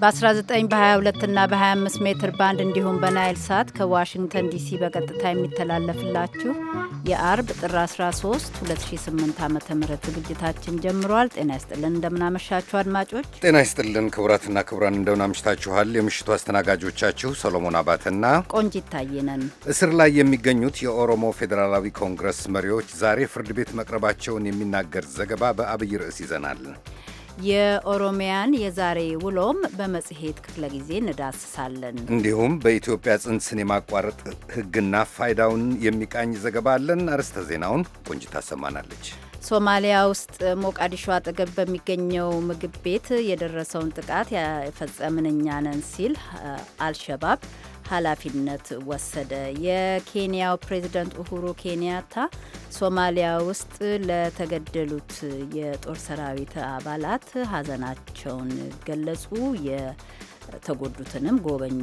በ19 በ22ና በ25 ሜትር ባንድ እንዲሁም በናይል ሳት ከዋሽንግተን ዲሲ በቀጥታ የሚተላለፍላችሁ የአርብ ጥር 13 2008 ዓ ም ዝግጅታችን ጀምሯል። ጤና ይስጥልን፣ እንደምናመሻችሁ አድማጮች። ጤና ይስጥልን ክቡራትና ክቡራን፣ እንደምናመሽታችኋል። የምሽቱ አስተናጋጆቻችሁ ሰሎሞን አባተና ቆንጅ ታየ እስር ላይ የሚገኙት የኦሮሞ ፌዴራላዊ ኮንግረስ መሪዎች ዛሬ ፍርድ ቤት መቅረባቸውን የሚናገር ዘገባ በአብይ ርዕስ ይዘናል። የኦሮሚያን የዛሬ ውሎም በመጽሔት ክፍለ ጊዜ እንዳስሳለን። እንዲሁም በኢትዮጵያ ጽንስን የማቋረጥ ሕግና ፋይዳውን የሚቃኝ ዘገባ አለን። አርዕስተ ዜናውን ቆንጅት ታሰማናለች። ሶማሊያ ውስጥ ሞቃዲሾ አጠገብ በሚገኘው ምግብ ቤት የደረሰውን ጥቃት የፈጸምን እኛ ነን ሲል አልሸባብ ኃላፊነት ወሰደ። የኬንያው ፕሬዚደንት ኡሁሩ ኬንያታ ሶማሊያ ውስጥ ለተገደሉት የጦር ሰራዊት አባላት ሀዘናቸውን ገለጹ። የተጎዱትንም ጎበኙ።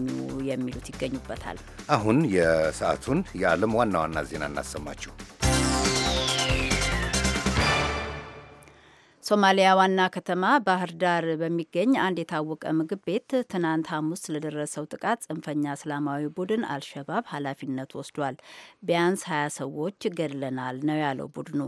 የሚሉት ይገኙበታል። አሁን የሰዓቱን የዓለም ዋና ዋና ዜና እናሰማችሁ። ሶማሊያ ዋና ከተማ ባህር ዳር በሚገኝ አንድ የታወቀ ምግብ ቤት ትናንት ሐሙስ ለደረሰው ጥቃት ጽንፈኛ እስላማዊ ቡድን አልሸባብ ኃላፊነት ወስዷል። ቢያንስ ሀያ ሰዎች ገድለናል ነው ያለው ቡድኑ።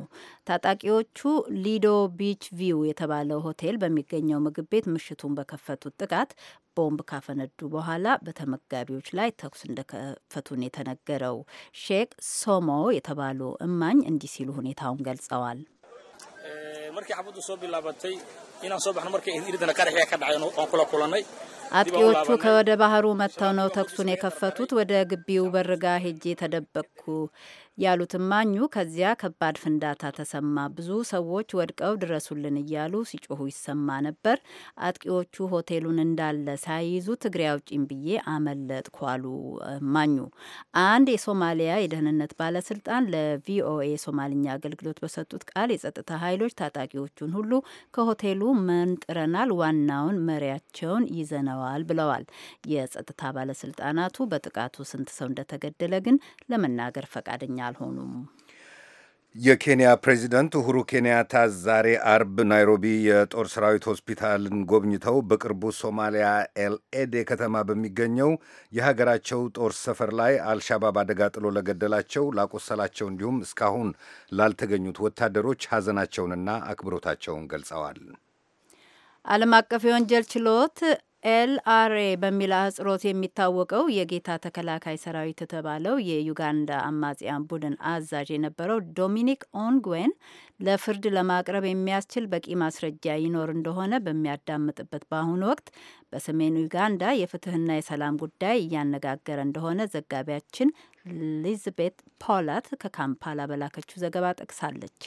ታጣቂዎቹ ሊዶ ቢች ቪው የተባለው ሆቴል በሚገኘው ምግብ ቤት ምሽቱን በከፈቱት ጥቃት ቦምብ ካፈነዱ በኋላ በተመጋቢዎች ላይ ተኩስ እንደከፈቱን የተነገረው ሼክ ሶሞ የተባሉ እማኝ እንዲህ ሲሉ ሁኔታውን ገልጸዋል። markii markiixabaddu soo bilaabatay inaan soo baxno markii iridana qaraxiga ka dhacay oon kula kulannay አጥቂዎቹ ከወደ ባህሩ መጥተው ነው ተኩሱን የከፈቱት። ወደ ግቢው በርጋ ሄጄ ተደበቅኩ። ያሉት እማኙ ከዚያ ከባድ ፍንዳታ ተሰማ። ብዙ ሰዎች ወድቀው ድረሱልን እያሉ ሲጮሁ ይሰማ ነበር። አጥቂዎቹ ሆቴሉን እንዳለ ሳይይዙ ትግሬ አውጪኝ ብዬ አመለጥኩ አሉ እማኙ። አንድ የሶማሊያ የደህንነት ባለስልጣን ለቪኦኤ ሶማልኛ አገልግሎት በሰጡት ቃል የጸጥታ ኃይሎች ታጣቂዎቹን ሁሉ ከሆቴሉ መንጥረናል፣ ዋናውን መሪያቸውን ይዘነዋል ብለዋል። የጸጥታ ባለስልጣናቱ በጥቃቱ ስንት ሰው እንደተገደለ ግን ለመናገር ፈቃደኛ አልሆኑም። የኬንያ ፕሬዚደንት ኡሁሩ ኬንያታ ዛሬ አርብ ናይሮቢ የጦር ሰራዊት ሆስፒታልን ጎብኝተው በቅርቡ ሶማሊያ ኤልኤዴ ከተማ በሚገኘው የሀገራቸው ጦር ሰፈር ላይ አልሻባብ አደጋ ጥሎ ለገደላቸው፣ ላቆሰላቸው እንዲሁም እስካሁን ላልተገኙት ወታደሮች ሀዘናቸውንና አክብሮታቸውን ገልጸዋል። ዓለም አቀፍ የወንጀል ችሎት ኤልአርኤ በሚል አጽሮት የሚታወቀው የጌታ ተከላካይ ሰራዊት የተባለው የዩጋንዳ አማጽያን ቡድን አዛዥ የነበረው ዶሚኒክ ኦንግዌን ለፍርድ ለማቅረብ የሚያስችል በቂ ማስረጃ ይኖር እንደሆነ በሚያዳምጥበት በአሁኑ ወቅት በሰሜን ዩጋንዳ የፍትህና የሰላም ጉዳይ እያነጋገረ እንደሆነ ዘጋቢያችን ሊዝቤት ፖላት ከካምፓላ በላከችው ዘገባ ጠቅሳለች።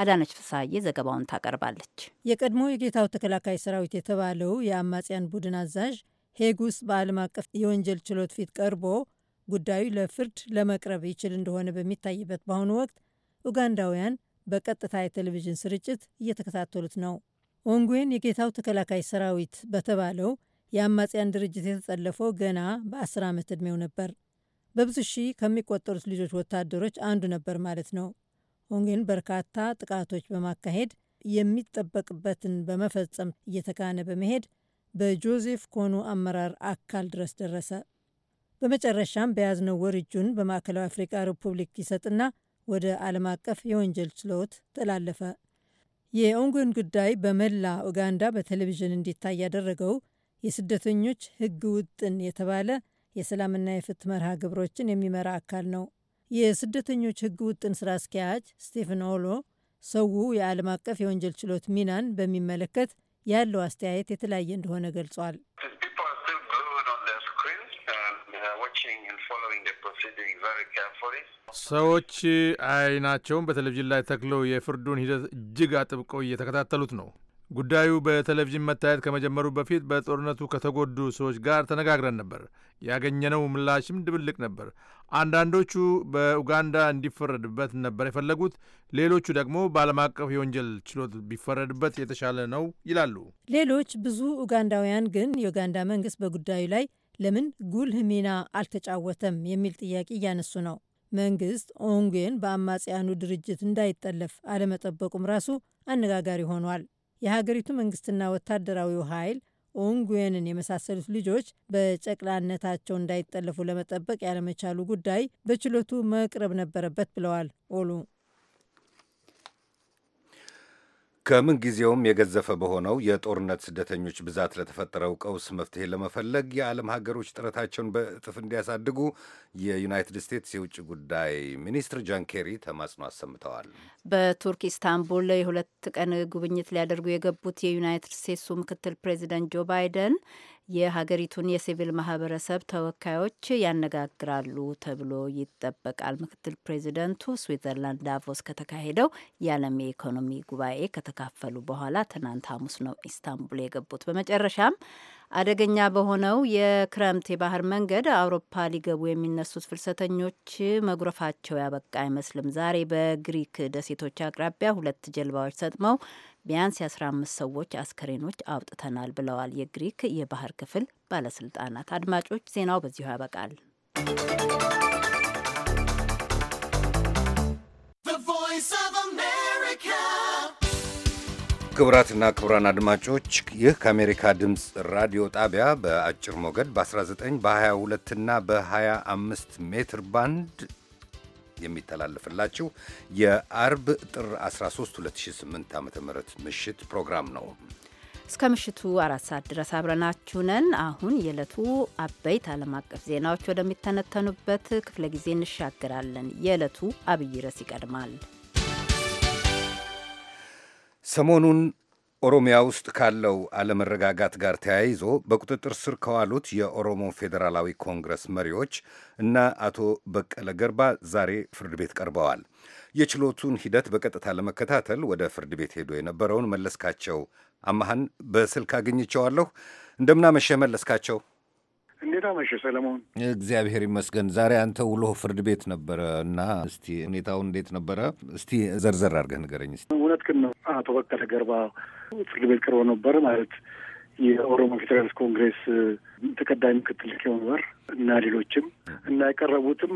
አዳነች ፍሳዬ ዘገባውን ታቀርባለች። የቀድሞ የጌታው ተከላካይ ሰራዊት የተባለው የአማጽያን ቡድን አዛዥ ሄግ ውስጥ በዓለም አቀፍ የወንጀል ችሎት ፊት ቀርቦ ጉዳዩ ለፍርድ ለመቅረብ ይችል እንደሆነ በሚታይበት በአሁኑ ወቅት ኡጋንዳውያን በቀጥታ የቴሌቪዥን ስርጭት እየተከታተሉት ነው። ኦንጉዌን የጌታው ተከላካይ ሰራዊት በተባለው የአማጽያን ድርጅት የተጠለፈው ገና በ10 ዓመት ዕድሜው ነበር። በብዙ ሺህ ከሚቆጠሩት ልጆች ወታደሮች አንዱ ነበር ማለት ነው። ሆንግን በርካታ ጥቃቶች በማካሄድ የሚጠበቅበትን በመፈጸም እየተካነ በመሄድ በጆዜፍ ኮኑ አመራር አካል ድረስ ደረሰ። በመጨረሻም በያዝነው ወር እጁን በማዕከላዊ አፍሪቃ ሪፑብሊክ ይሰጥና ወደ ዓለም አቀፍ የወንጀል ችሎት ተላለፈ። የኦንጎን ጉዳይ በመላ ኡጋንዳ በቴሌቪዥን እንዲታይ ያደረገው የስደተኞች ሕግ ውጥን የተባለ የሰላምና የፍትህ መርሃ ግብሮችን የሚመራ አካል ነው። የስደተኞች ህግ ውጥን ስራ አስኪያጅ ስቴፈን ኦሎ ሰው የዓለም አቀፍ የወንጀል ችሎት ሚናን በሚመለከት ያለው አስተያየት የተለያየ እንደሆነ ገልጿል። uh, ሰዎች አይናቸውን በቴሌቪዥን ላይ ተክለው የፍርዱን ሂደት እጅግ አጥብቀው እየተከታተሉት ነው። ጉዳዩ በቴሌቪዥን መታየት ከመጀመሩ በፊት በጦርነቱ ከተጎዱ ሰዎች ጋር ተነጋግረን ነበር። ያገኘነው ምላሽም ድብልቅ ነበር። አንዳንዶቹ በኡጋንዳ እንዲፈረድበት ነበር የፈለጉት፣ ሌሎቹ ደግሞ በዓለም አቀፍ የወንጀል ችሎት ቢፈረድበት የተሻለ ነው ይላሉ። ሌሎች ብዙ ኡጋንዳውያን ግን የኡጋንዳ መንግስት በጉዳዩ ላይ ለምን ጉልህ ሚና አልተጫወተም የሚል ጥያቄ እያነሱ ነው። መንግስት ኦንጌን በአማጽያኑ ድርጅት እንዳይጠለፍ አለመጠበቁም ራሱ አነጋጋሪ ሆኗል። የሀገሪቱ መንግስትና ወታደራዊው ኃይል ኦንጉዌንን የመሳሰሉት ልጆች በጨቅላነታቸው እንዳይጠለፉ ለመጠበቅ ያለመቻሉ ጉዳይ በችሎቱ መቅረብ ነበረበት ብለዋል ኦሉ። ከምን ጊዜውም የገዘፈ በሆነው የጦርነት ስደተኞች ብዛት ለተፈጠረው ቀውስ መፍትሄ ለመፈለግ የዓለም ሀገሮች ጥረታቸውን በእጥፍ እንዲያሳድጉ የዩናይትድ ስቴትስ የውጭ ጉዳይ ሚኒስትር ጃን ኬሪ ተማጽኖ አሰምተዋል። በቱርክ ኢስታንቡል የሁለት ቀን ጉብኝት ሊያደርጉ የገቡት የዩናይትድ ስቴትሱ ምክትል ፕሬዚደንት ጆ ባይደን የሀገሪቱን የሲቪል ማህበረሰብ ተወካዮች ያነጋግራሉ ተብሎ ይጠበቃል። ምክትል ፕሬዚደንቱ ስዊዘርላንድ ዳቮስ ከተካሄደው የዓለም የኢኮኖሚ ጉባኤ ከተካፈሉ በኋላ ትናንት ሐሙስ ነው ኢስታንቡል የገቡት። በመጨረሻም አደገኛ በሆነው የክረምት የባህር መንገድ አውሮፓ ሊገቡ የሚነሱት ፍልሰተኞች መጉረፋቸው ያበቃ አይመስልም። ዛሬ በግሪክ ደሴቶች አቅራቢያ ሁለት ጀልባዎች ሰጥመው ቢያንስ የ15 ሰዎች አስከሬኖች አውጥተናል ብለዋል የግሪክ የባህር ክፍል ባለስልጣናት። አድማጮች፣ ዜናው በዚሁ ያበቃል። ቮይስ ኦፍ አሜሪካ ክቡራትና ክቡራን አድማጮች ይህ ከአሜሪካ ድምፅ ራዲዮ ጣቢያ በአጭር ሞገድ በ19 በ22 እና በ25 ሜትር ባንድ የሚተላለፍላችሁ የአርብ ጥር 13 2008 ዓ ም ምሽት ፕሮግራም ነው። እስከ ምሽቱ አራት ሰዓት ድረስ አብረናችሁ ነን። አሁን የዕለቱ አበይት ዓለም አቀፍ ዜናዎች ወደሚተነተኑበት ክፍለ ጊዜ እንሻገራለን። የዕለቱ አብይ ርዕስ ይቀድማል። ሰሞኑን ኦሮሚያ ውስጥ ካለው አለመረጋጋት ጋር ተያይዞ በቁጥጥር ስር ከዋሉት የኦሮሞ ፌዴራላዊ ኮንግረስ መሪዎች እና አቶ በቀለ ገርባ ዛሬ ፍርድ ቤት ቀርበዋል። የችሎቱን ሂደት በቀጥታ ለመከታተል ወደ ፍርድ ቤት ሄዶ የነበረውን መለስካቸው አማሃን በስልክ አግኝቸዋለሁ። እንደምናመሸ መለስካቸው። እንዴት አመሸህ ሰለሞን? እግዚአብሔር ይመስገን። ዛሬ አንተ ውሎ ፍርድ ቤት ነበረ እና እስቲ ሁኔታው እንዴት ነበረ? እስቲ ዘርዘር አድርገህ ንገረኝ። ስ ግን ነው። አቶ በቀለ ገርባ ፍርድ ቤት ቀርቦ ነበር ማለት የኦሮሞ ፌዴራልስ ኮንግሬስ ተቀዳሚ ምክትል ሊቀመንበር እና ሌሎችም እና የቀረቡትም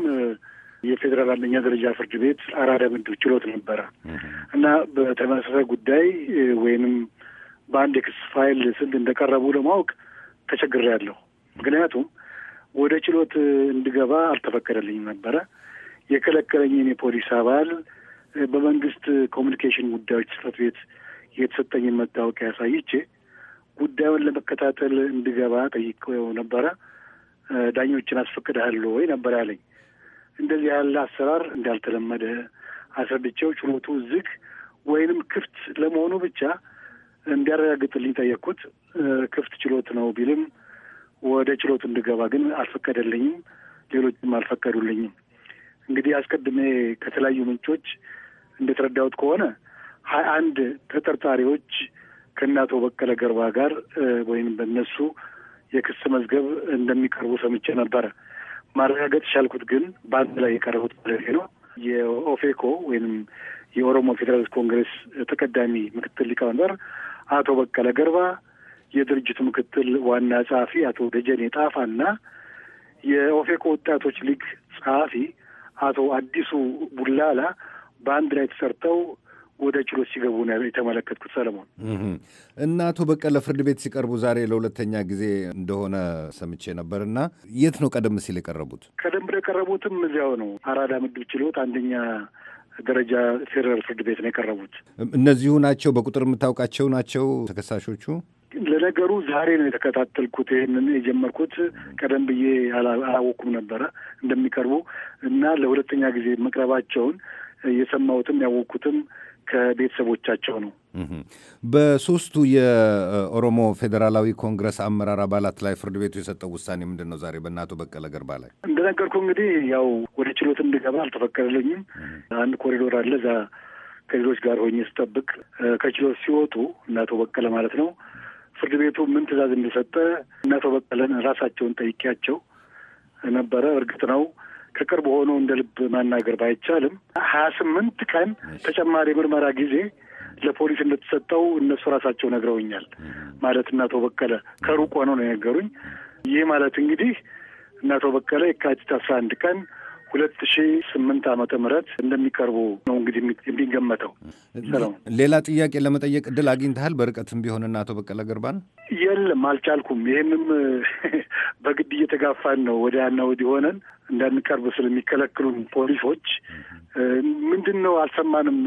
የፌዴራል አንደኛ ደረጃ ፍርድ ቤት አራዳ ምድብ ችሎት ነበረ እና በተመሳሳይ ጉዳይ ወይንም በአንድ የክስ ፋይል ስንት እንደቀረቡ ለማወቅ ተቸግሬያለሁ። ምክንያቱም ወደ ችሎት እንድገባ አልተፈቀደልኝም ነበረ። የከለከለኝን የፖሊስ አባል በመንግስት ኮሚኒኬሽን ጉዳዮች ጽሕፈት ቤት የተሰጠኝን መታወቂያ ያሳይቼ ጉዳዩን ለመከታተል እንድገባ ጠይቄው ነበረ። ዳኞችን አስፈቅድሃል ወይ ነበር ያለኝ። እንደዚህ ያለ አሰራር እንዳልተለመደ አስረድቼው ችሎቱ ዝግ ወይንም ክፍት ለመሆኑ ብቻ እንዲያረጋግጥልኝ ጠየቅኩት። ክፍት ችሎት ነው ቢልም ወደ ችሎት እንድገባ ግን አልፈቀደልኝም። ሌሎችም አልፈቀዱልኝም። እንግዲህ አስቀድሜ ከተለያዩ ምንጮች እንደተረዳሁት ከሆነ ሀያ አንድ ተጠርጣሪዎች ከእነ አቶ በቀለ ገርባ ጋር ወይም በነሱ የክስ መዝገብ እንደሚቀርቡ ሰምቼ ነበረ። ማረጋገጥ ቻልኩት ግን በአንድ ላይ የቀረቡት ማለት ነው የኦፌኮ ወይም የኦሮሞ ፌዴራሊስት ኮንግሬስ ተቀዳሚ ምክትል ሊቀመንበር አቶ በቀለ ገርባ፣ የድርጅቱ ምክትል ዋና ጸሐፊ አቶ ደጀኔ ጣፋና የኦፌኮ ወጣቶች ሊግ ጸሐፊ አቶ አዲሱ ቡላላ በአንድ ላይ ተሰርተው ወደ ችሎት ሲገቡ ነው የተመለከትኩት። ሰለሞን እና አቶ በቀለ ፍርድ ቤት ሲቀርቡ ዛሬ ለሁለተኛ ጊዜ እንደሆነ ሰምቼ ነበር የት ነው ቀደም ሲል የቀረቡት? ቀደም ብሎ የቀረቡትም እዚያው ነው አራዳ ምድብ ችሎት አንደኛ ደረጃ ፌዴራል ፍርድ ቤት ነው የቀረቡት። እነዚሁ ናቸው። በቁጥር የምታውቃቸው ናቸው ተከሳሾቹ ለነገሩ ዛሬ ነው የተከታተልኩት። ይህንን የጀመርኩት ቀደም ብዬ አላወኩም ነበረ እንደሚቀርቡ እና ለሁለተኛ ጊዜ መቅረባቸውን የሰማሁትም ያወቅኩትም ከቤተሰቦቻቸው ነው። በሶስቱ የኦሮሞ ፌዴራላዊ ኮንግረስ አመራር አባላት ላይ ፍርድ ቤቱ የሰጠው ውሳኔ ምንድን ነው? ዛሬ በእነ አቶ በቀለ ገርባ ላይ እንደነገርኩ እንግዲህ ያው ወደ ችሎት እንድገባ አልተፈቀደልኝም። አንድ ኮሪዶር አለ። እዛ ከሌሎች ጋር ሆኜ ስጠብቅ ከችሎት ሲወጡ እነ አቶ በቀለ ማለት ነው ፍርድ ቤቱ ምን ትዕዛዝ እንደሰጠ እናቶ በቀለን ራሳቸውን ጠይቄያቸው ነበረ። እርግጥ ነው ከቅርብ ሆኖ እንደ ልብ ማናገር ባይቻልም ሀያ ስምንት ቀን ተጨማሪ ምርመራ ጊዜ ለፖሊስ እንደተሰጠው እነሱ ራሳቸው ነግረውኛል። ማለት እናቶ በቀለ ከሩቅ ሆነው ነው የነገሩኝ። ይህ ማለት እንግዲህ እናቶ በቀለ የካቲት አስራ አንድ ቀን ሁለት ሺ ስምንት ዓመተ ምህረት እንደሚቀርቡ ነው እንግዲህ የሚገመተው። ሌላ ጥያቄ ለመጠየቅ እድል አግኝተሃል በርቀትም ቢሆንና አቶ በቀለ ገርባን? የለም አልቻልኩም። ይህንም በግድ እየተጋፋን ነው ወዲያና ወዲህ ሆነን እንዳንቀርብ ስለሚከለክሉን ፖሊሶች ምንድን ነው አልሰማንም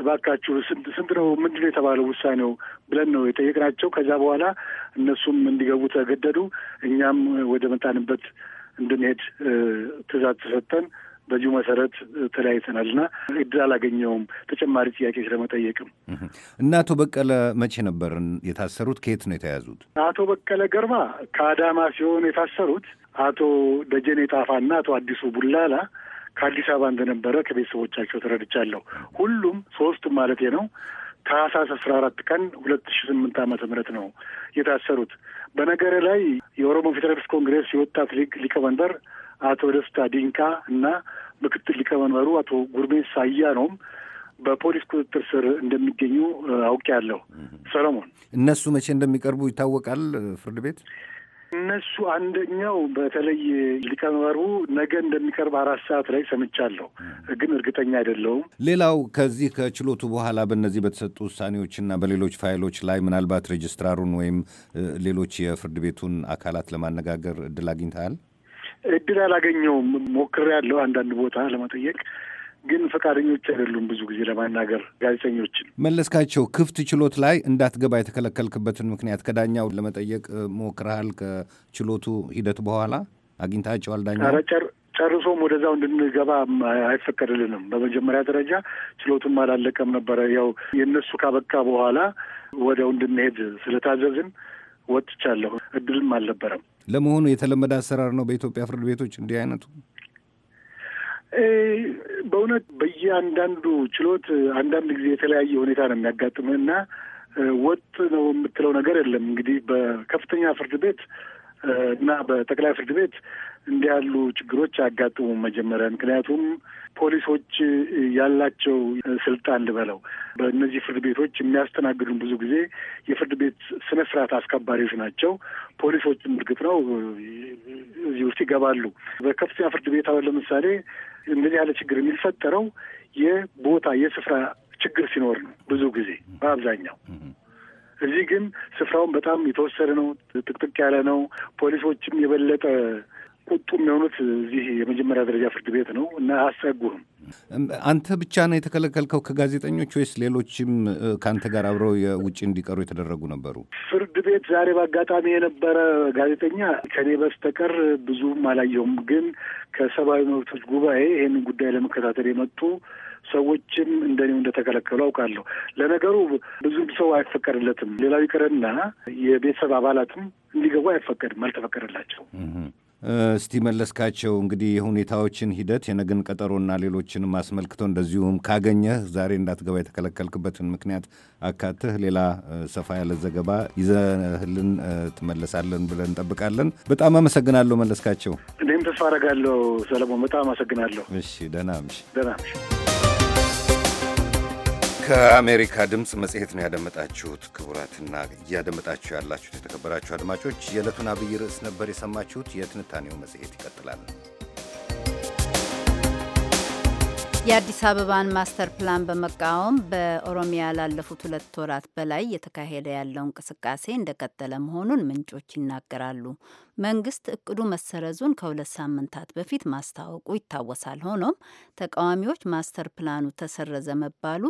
እባካችሁ ስንት ስንት ነው ምንድን ነው የተባለው ውሳኔው ብለን ነው የጠየቅናቸው። ከዛ በኋላ እነሱም እንዲገቡ ተገደዱ። እኛም ወደ መጣንበት እንድንሄድ ትእዛዝ ተሰጠን። በዚሁ መሰረት ተለያይተናል እና እድል አላገኘውም ተጨማሪ ጥያቄዎች ለመጠየቅም። እና አቶ በቀለ መቼ ነበር የታሰሩት? ከየት ነው የተያዙት? አቶ በቀለ ገርባ ከአዳማ ሲሆን የታሰሩት አቶ ደጀኔ ጣፋ እና አቶ አዲሱ ቡላላ ከአዲስ አበባ እንደነበረ ከቤተሰቦቻቸው ተረድቻለሁ። ሁሉም ሶስቱም ማለት ነው ታህሳስ አስራ አራት ቀን ሁለት ሺ ስምንት ዓመተ ምህረት ነው የታሰሩት። በነገር ላይ የኦሮሞ ፌዴራሊስት ኮንግሬስ የወጣት ሊግ ሊቀመንበር አቶ ደስታ ዲንቃ እና ምክትል ሊቀመንበሩ አቶ ጉርሜ ሳያ ነውም በፖሊስ ቁጥጥር ስር እንደሚገኙ አውቄያለሁ። ሰለሞን፣ እነሱ መቼ እንደሚቀርቡ ይታወቃል ፍርድ ቤት እነሱ አንደኛው በተለይ ሊቀመንበሩ ነገ እንደሚቀርብ አራት ሰዓት ላይ ሰምቻለሁ፣ ግን እርግጠኛ አይደለውም። ሌላው ከዚህ ከችሎቱ በኋላ በእነዚህ በተሰጡ ውሳኔዎችና በሌሎች ፋይሎች ላይ ምናልባት ሬጅስትራሩን ወይም ሌሎች የፍርድ ቤቱን አካላት ለማነጋገር እድል አግኝተሃል? እድል አላገኘውም። ሞክሬያለሁ አንዳንድ ቦታ ለመጠየቅ ግን ፈቃደኞች አይደሉም ብዙ ጊዜ ለማናገር ጋዜጠኞችን። መለስካቸው፣ ክፍት ችሎት ላይ እንዳትገባ የተከለከልክበትን ምክንያት ከዳኛው ለመጠየቅ ሞክረሃል? ከችሎቱ ሂደት በኋላ አግኝታቸዋል ዳኛ? ጨርሶም ወደዛው እንድንገባ አይፈቀድልንም። በመጀመሪያ ደረጃ ችሎቱም አላለቀም ነበረ። ያው የእነሱ ካበቃ በኋላ ወደው እንድንሄድ ስለታዘዝን ወጥቻለሁ። እድልም አልነበረም። ለመሆኑ የተለመደ አሰራር ነው በኢትዮጵያ ፍርድ ቤቶች እንዲህ አይነቱ? በእውነት በየአንዳንዱ ችሎት አንዳንድ ጊዜ የተለያየ ሁኔታ ነው የሚያጋጥምህ እና ወጥ ነው የምትለው ነገር የለም። እንግዲህ በከፍተኛ ፍርድ ቤት እና በጠቅላይ ፍርድ ቤት እንዲህ ያሉ ችግሮች አያጋጥሙም። መጀመሪያ ምክንያቱም ፖሊሶች ያላቸው ስልጣን ልበለው በእነዚህ ፍርድ ቤቶች የሚያስተናግዱን ብዙ ጊዜ የፍርድ ቤት ስነ ስርዓት አስከባሪዎች ናቸው። ፖሊሶችም እርግጥ ነው እዚህ ውስጥ ይገባሉ። በከፍተኛ ፍርድ ቤት አሁን ለምሳሌ እንደዚህ ያለ ችግር የሚፈጠረው የቦታ የስፍራ ችግር ሲኖር ነው። ብዙ ጊዜ በአብዛኛው እዚህ ግን ስፍራውን በጣም የተወሰደ ነው፣ ጥቅጥቅ ያለ ነው። ፖሊሶችም የበለጠ ቁጡ የሚሆኑት እዚህ የመጀመሪያ ደረጃ ፍርድ ቤት ነው እና አያስጸጉህም። አንተ ብቻ ነው የተከለከልከው ከጋዜጠኞች ወይስ ሌሎችም ከአንተ ጋር አብረው የውጭ እንዲቀሩ የተደረጉ ነበሩ? ፍርድ ቤት ዛሬ በአጋጣሚ የነበረ ጋዜጠኛ ከኔ በስተቀር ብዙም አላየውም፣ ግን ከሰብአዊ መብቶች ጉባኤ ይህንን ጉዳይ ለመከታተል የመጡ ሰዎችም እንደኔው እንደተከለከሉ አውቃለሁ። ለነገሩ ብዙም ሰው አይፈቀድለትም። ሌላው ይቅርና የቤተሰብ አባላትም እንዲገቡ አይፈቀድም፣ አልተፈቀደላቸው እስቲ መለስካቸው እንግዲህ የሁኔታዎችን ሂደት የነገን ቀጠሮና ሌሎችንም አስመልክቶ እንደዚሁም ካገኘህ ዛሬ እንዳትገባ የተከለከልክበትን ምክንያት አካተህ ሌላ ሰፋ ያለ ዘገባ ይዘህልን ትመለሳለን ብለን እንጠብቃለን። በጣም አመሰግናለሁ መለስካቸው። እኔም ተስፋ አረጋለሁ ሰለሞን፣ በጣም አመሰግናለሁ። እሺ፣ ደህና እምሽ። ደህና እምሽ። ከአሜሪካ ድምፅ መጽሔት ነው ያደመጣችሁት። ክቡራትና እያደመጣችሁ ያላችሁት የተከበራችሁ አድማጮች የዕለቱን አብይ ርዕስ ነበር የሰማችሁት። የትንታኔው መጽሔት ይቀጥላል። የአዲስ አበባን ማስተር ፕላን በመቃወም በኦሮሚያ ላለፉት ሁለት ወራት በላይ እየተካሄደ ያለው እንቅስቃሴ እንደቀጠለ መሆኑን ምንጮች ይናገራሉ። መንግስት እቅዱ መሰረዙን ከሁለት ሳምንታት በፊት ማስታወቁ ይታወሳል። ሆኖም ተቃዋሚዎች ማስተር ፕላኑ ተሰረዘ መባሉ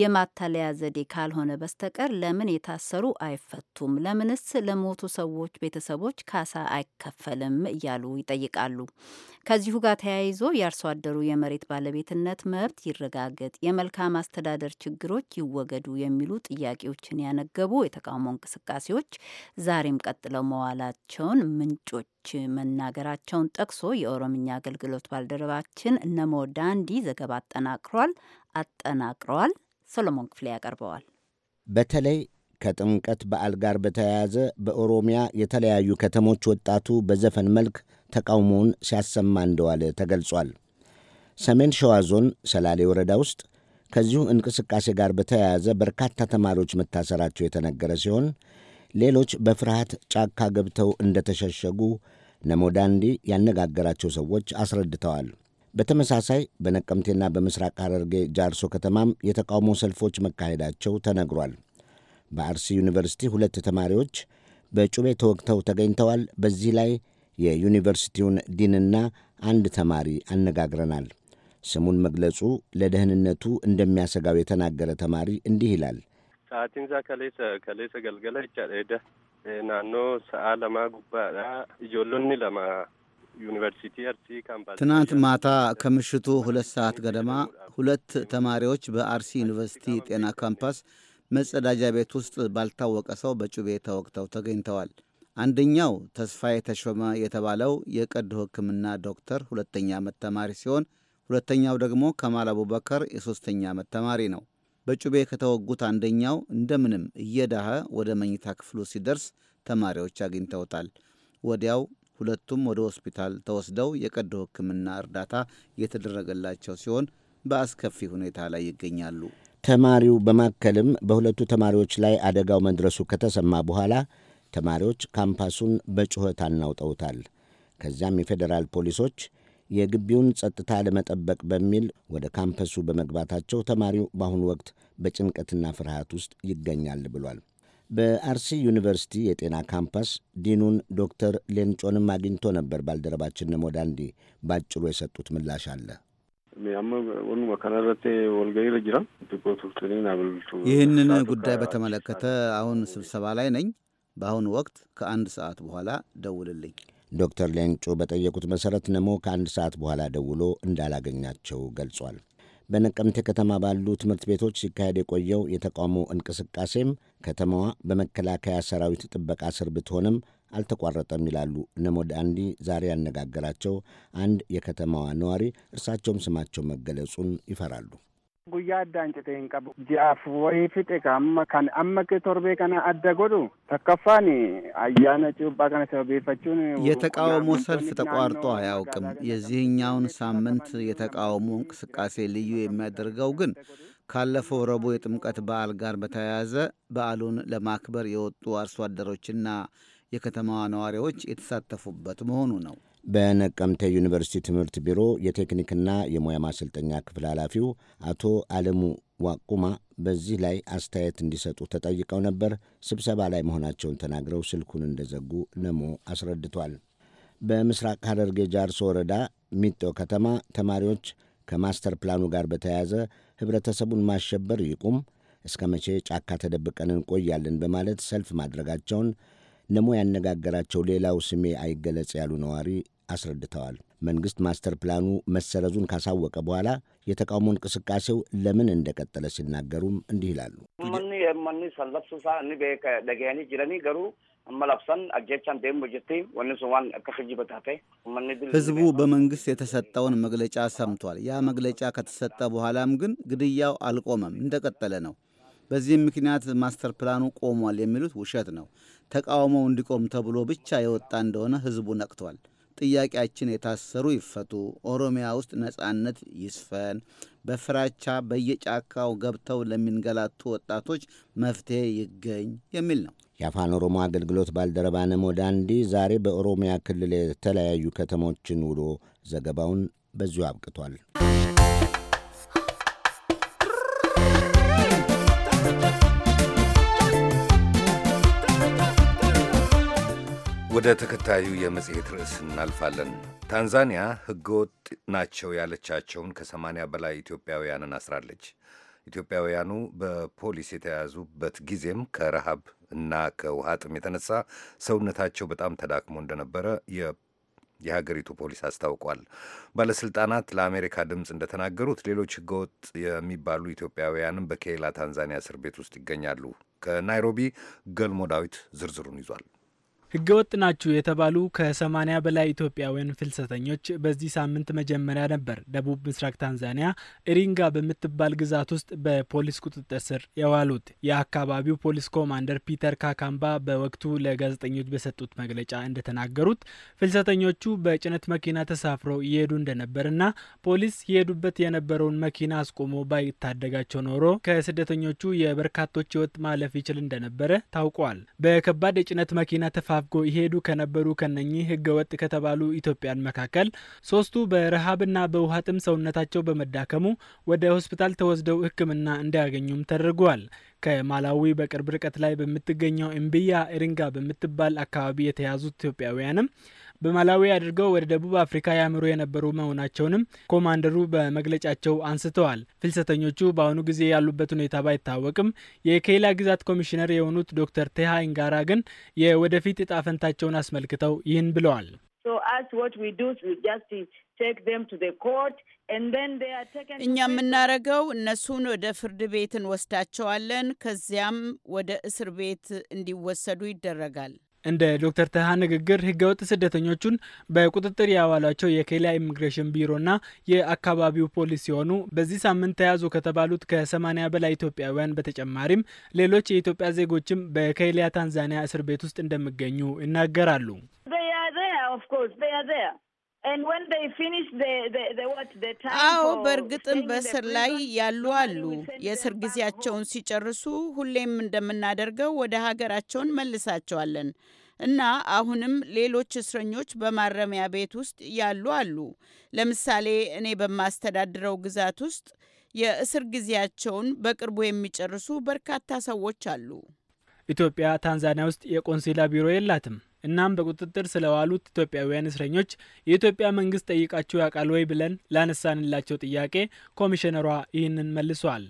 የማታለያ ዘዴ ካልሆነ በስተቀር ለምን የታሰሩ አይፈቱም? ለምንስ ለሞቱ ሰዎች ቤተሰቦች ካሳ አይከፈልም? እያሉ ይጠይቃሉ። ከዚሁ ጋር ተያይዞ የአርሶ አደሩ የመሬት ባለቤትነት መብት ይረጋገጥ፣ የመልካም አስተዳደር ችግሮች ይወገዱ የሚሉ ጥያቄዎችን ያነገቡ የተቃውሞ እንቅስቃሴዎች ዛሬም ቀጥለው መዋላቸውን ምንጮች መናገራቸውን ጠቅሶ የኦሮምኛ አገልግሎት ባልደረባችን ነሞ ዳንዲ ዘገባ አጠናቅሯል አጠናቅረዋል። ሰሎሞን ክፍሌ ያቀርበዋል። በተለይ ከጥምቀት በዓል ጋር በተያያዘ በኦሮሚያ የተለያዩ ከተሞች ወጣቱ በዘፈን መልክ ተቃውሞውን ሲያሰማ እንደዋለ ተገልጿል። ሰሜን ሸዋ ዞን ሰላሌ ወረዳ ውስጥ ከዚሁ እንቅስቃሴ ጋር በተያያዘ በርካታ ተማሪዎች መታሰራቸው የተነገረ ሲሆን ሌሎች በፍርሃት ጫካ ገብተው ተሸሸጉ ነሞዳንዲ ያነጋገራቸው ሰዎች አስረድተዋል። በተመሳሳይ በነቀምቴና በምስራቅ ሐረርጌ ጃርሶ ከተማም የተቃውሞ ሰልፎች መካሄዳቸው ተነግሯል። በአርሲ ዩኒቨርሲቲ ሁለት ተማሪዎች በጩቤ ተወግተው ተገኝተዋል። በዚህ ላይ የዩኒቨርሲቲውን ዲንና አንድ ተማሪ አነጋግረናል። ስሙን መግለጹ ለደህንነቱ እንደሚያሰጋው የተናገረ ተማሪ እንዲህ ይላል። Sa'aatiin isaa kaleessa galgala jechaadha. E, Naannoo sa'a lamaa gubbaadha. Ijoollonni lama ዩኒቨርሲቲ አርሲ ካምፓስ ትናንት ማታ ከምሽቱ ሁለት ሰዓት ገደማ ሁለት ተማሪዎች በአርሲ ዩኒቨርሲቲ ጤና ካምፓስ መጸዳጃ ቤት ውስጥ ባልታወቀ ሰው በጩቤ ተወቅተው ተገኝተዋል። አንደኛው ተስፋዬ ተሾመ የተባለው የቀዶ ሕክምና ዶክተር ሁለተኛ ዓመት ተማሪ ሲሆን ሁለተኛው ደግሞ ከማል አቡበከር የሦስተኛ ዓመት ተማሪ ነው። በጩቤ ከተወጉት አንደኛው እንደምንም እየዳኸ ወደ መኝታ ክፍሉ ሲደርስ ተማሪዎች አግኝተውታል። ወዲያው ሁለቱም ወደ ሆስፒታል ተወስደው የቀዶ ሕክምና እርዳታ እየተደረገላቸው ሲሆን በአስከፊ ሁኔታ ላይ ይገኛሉ። ተማሪው በማከልም በሁለቱ ተማሪዎች ላይ አደጋው መድረሱ ከተሰማ በኋላ ተማሪዎች ካምፓሱን በጩኸት አናውጠውታል። ከዚያም የፌዴራል ፖሊሶች የግቢውን ጸጥታ ለመጠበቅ በሚል ወደ ካምፐሱ በመግባታቸው ተማሪው በአሁኑ ወቅት በጭንቀትና ፍርሃት ውስጥ ይገኛል ብሏል። በአርሲ ዩኒቨርሲቲ የጤና ካምፓስ ዲኑን ዶክተር ሌንጮንም አግኝቶ ነበር። ባልደረባችን ነሞዳንዲ ባጭሩ የሰጡት ምላሽ አለ። ይህንን ጉዳይ በተመለከተ አሁን ስብሰባ ላይ ነኝ። በአሁኑ ወቅት ከአንድ ሰዓት በኋላ ደውልልኝ። ዶክተር ሌንጮ በጠየቁት መሠረት ነሞ ከአንድ ሰዓት በኋላ ደውሎ እንዳላገኛቸው ገልጿል። በነቀምቴ ከተማ ባሉ ትምህርት ቤቶች ሲካሄድ የቆየው የተቃውሞ እንቅስቃሴም ከተማዋ በመከላከያ ሰራዊት ጥበቃ ስር ብትሆንም አልተቋረጠም ይላሉ ነሞ ዳንዲ ዛሬ ያነጋገራቸው አንድ የከተማዋ ነዋሪ። እርሳቸውም ስማቸው መገለጹን ይፈራሉ። guyyaa adda citee hin qabu. Ji'aaf wayii fixe kan amma torbee kana adda godhu takkaffaan ayyaana cuuphaa kana sababeeffachuun የተቃውሞ ሰልፍ ተቋርጦ አያውቅም። የዚህኛውን ሳምንት የተቃውሞ እንቅስቃሴ ልዩ የሚያደርገው ግን ካለፈው ረቡዕ የጥምቀት በዓል ጋር በተያያዘ በዓሉን ለማክበር የወጡ አርሶ አደሮችና የከተማዋ ነዋሪዎች የተሳተፉበት መሆኑ ነው። በነቀምተ ዩኒቨርሲቲ ትምህርት ቢሮ የቴክኒክና የሙያ ማሰልጠኛ ክፍል ኃላፊው አቶ አለሙ ዋቁማ በዚህ ላይ አስተያየት እንዲሰጡ ተጠይቀው ነበር። ስብሰባ ላይ መሆናቸውን ተናግረው ስልኩን እንደዘጉ ነሞ አስረድቷል። በምስራቅ ሐረርጌ ጃርሶ ወረዳ ሚጦ ከተማ ተማሪዎች ከማስተር ፕላኑ ጋር በተያያዘ ህብረተሰቡን ማሸበር ይቁም፣ እስከ መቼ ጫካ ተደብቀን እንቆያለን በማለት ሰልፍ ማድረጋቸውን ነሞ ያነጋገራቸው ሌላው ስሜ አይገለጽ ያሉ ነዋሪ አስረድተዋል። መንግሥት ማስተር ፕላኑ መሰረዙን ካሳወቀ በኋላ የተቃውሞ እንቅስቃሴው ለምን እንደቀጠለ ሲናገሩም እንዲህ ይላሉ። ህዝቡ በመንግስት የተሰጠውን መግለጫ ሰምቷል። ያ መግለጫ ከተሰጠ በኋላም ግን ግድያው አልቆመም፣ እንደቀጠለ ነው። በዚህም ምክንያት ማስተር ፕላኑ ቆሟል የሚሉት ውሸት ነው። ተቃውሞው እንዲቆም ተብሎ ብቻ የወጣ እንደሆነ ህዝቡ ነቅቷል። ጥያቄያችን የታሰሩ ይፈቱ፣ ኦሮሚያ ውስጥ ነጻነት ይስፈን፣ በፍራቻ በየጫካው ገብተው ለሚንገላቱ ወጣቶች መፍትሄ ይገኝ የሚል ነው። የአፋን ኦሮሞ አገልግሎት ባልደረባ ነሞ ዳንዲ ዛሬ በኦሮሚያ ክልል የተለያዩ ከተሞችን ውሎ ዘገባውን በዚሁ አብቅቷል። ወደ ተከታዩ የመጽሔት ርዕስ እናልፋለን። ታንዛኒያ ሕገወጥ ናቸው ያለቻቸውን ከሰማንያ በላይ ኢትዮጵያውያንን አስራለች። ኢትዮጵያውያኑ በፖሊስ የተያዙበት ጊዜም ከረሃብ እና ከውሃ ጥም የተነሳ ሰውነታቸው በጣም ተዳክሞ እንደነበረ የሀገሪቱ ፖሊስ አስታውቋል። ባለስልጣናት ለአሜሪካ ድምፅ እንደተናገሩት ሌሎች ህገወጥ የሚባሉ ኢትዮጵያውያንም በኬላ ታንዛኒያ እስር ቤት ውስጥ ይገኛሉ። ከናይሮቢ ገልሞ ዳዊት ዝርዝሩን ይዟል። ህገወጥ ናችሁ የተባሉ ከ በላይ ኢትዮጵያውያን ፍልሰተኞች በዚህ ሳምንት መጀመሪያ ነበር ደቡብ ምስራቅ ታንዛኒያ ኢሪንጋ በምትባል ግዛት ውስጥ በፖሊስ ቁጥጥር ስር የዋሉት። የአካባቢው ፖሊስ ኮማንደር ፒተር ካካምባ በወቅቱ ለጋዜጠኞች በሰጡት መግለጫ እንደተናገሩት ፍልሰተኞቹ በጭነት መኪና ተሳፍረው እየሄዱ እንደነበርና ፖሊስ የሄዱበት የነበረውን መኪና አስቆሞ ባይታደጋቸው ኖሮ ከስደተኞቹ የበርካቶች ህይወት ማለፍ ይችል እንደነበረ ታውቋል። በከባድ የጭነት መኪና ተፋ አብቆ ይሄዱ ከነበሩ ከነኚህ ህገወጥ ከተባሉ ኢትዮጵያን መካከል ሶስቱ በረሃብና በውሃ ጥም ሰውነታቸው በመዳከሙ ወደ ሆስፒታል ተወስደው ሕክምና እንዲያገኙም ተደርጓል። ከማላዊ በቅርብ ርቀት ላይ በምትገኘው እምብያ ኢሪንጋ በምትባል አካባቢ የተያዙት ኢትዮጵያውያንም በማላዊ አድርገው ወደ ደቡብ አፍሪካ ያምሩ የነበሩ መሆናቸውንም ኮማንደሩ በመግለጫቸው አንስተዋል። ፍልሰተኞቹ በአሁኑ ጊዜ ያሉበት ሁኔታ ባይታወቅም የኬላ ግዛት ኮሚሽነር የሆኑት ዶክተር ቴሃ ኢንጋራ ግን የወደፊት እጣ ፈንታቸውን አስመልክተው ይህን ብለዋል። እኛ የምናደርገው እነሱን ወደ ፍርድ ቤት እንወስዳቸዋለን። ከዚያም ወደ እስር ቤት እንዲወሰዱ ይደረጋል። እንደ ዶክተር ተሃ ንግግር ህገወጥ ስደተኞቹን በቁጥጥር ያዋሏቸው የኬንያ ኢሚግሬሽን ቢሮና የአካባቢው ፖሊስ ሲሆኑ በዚህ ሳምንት ተያዙ ከተባሉት ከሰማኒያ በላይ ኢትዮጵያውያን በተጨማሪም ሌሎች የኢትዮጵያ ዜጎችም በኬንያ ታንዛኒያ እስር ቤት ውስጥ እንደሚገኙ ይናገራሉ። አዎ በእርግጥም በእስር ላይ ያሉ አሉ። የእስር ጊዜያቸውን ሲጨርሱ ሁሌም እንደምናደርገው ወደ ሀገራቸውን መልሳቸዋለን እና አሁንም ሌሎች እስረኞች በማረሚያ ቤት ውስጥ ያሉ አሉ። ለምሳሌ እኔ በማስተዳድረው ግዛት ውስጥ የእስር ጊዜያቸውን በቅርቡ የሚጨርሱ በርካታ ሰዎች አሉ። ኢትዮጵያ ታንዛኒያ ውስጥ የቆንሲላ ቢሮ የላትም። እናም በቁጥጥር ስለዋሉት ኢትዮጵያውያን እስረኞች የኢትዮጵያ መንግስት ጠይቃችሁ ያውቃል ወይ ብለን ላነሳንላቸው ጥያቄ ኮሚሽነሯ ይህንን መልሷል።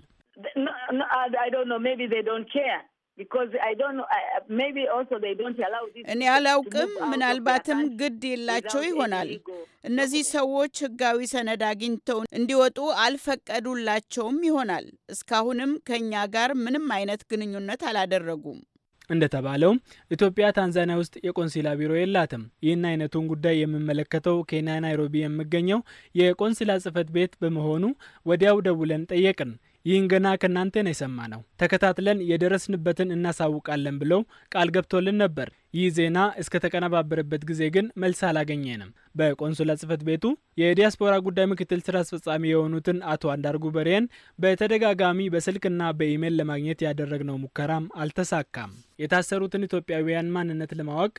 እኔ አላውቅም። ምናልባትም ግድ የላቸው ይሆናል። እነዚህ ሰዎች ህጋዊ ሰነድ አግኝተው እንዲወጡ አልፈቀዱላቸውም ይሆናል። እስካሁንም ከእኛ ጋር ምንም አይነት ግንኙነት አላደረጉም። እንደተባለው ኢትዮጵያ ታንዛኒያ ውስጥ የቆንሲላ ቢሮ የላትም። ይህን አይነቱን ጉዳይ የምመለከተው ኬንያ ናይሮቢ የሚገኘው የቆንሲላ ጽህፈት ቤት በመሆኑ ወዲያው ደውለን ጠየቅን። ይህን ገና ከእናንተ ነው የሰማ ነው፣ ተከታትለን የደረስንበትን እናሳውቃለን ብለው ቃል ገብቶልን ነበር። ይህ ዜና እስከተቀነባበረበት ጊዜ ግን መልስ አላገኘንም። በቆንሱላ ጽህፈት ቤቱ የዲያስፖራ ጉዳይ ምክትል ስራ አስፈጻሚ የሆኑትን አቶ አንዳርጉ በሬን በተደጋጋሚ በስልክና በኢሜይል ለማግኘት ያደረግነው ሙከራም አልተሳካም። የታሰሩትን ኢትዮጵያውያን ማንነት ለማወቅ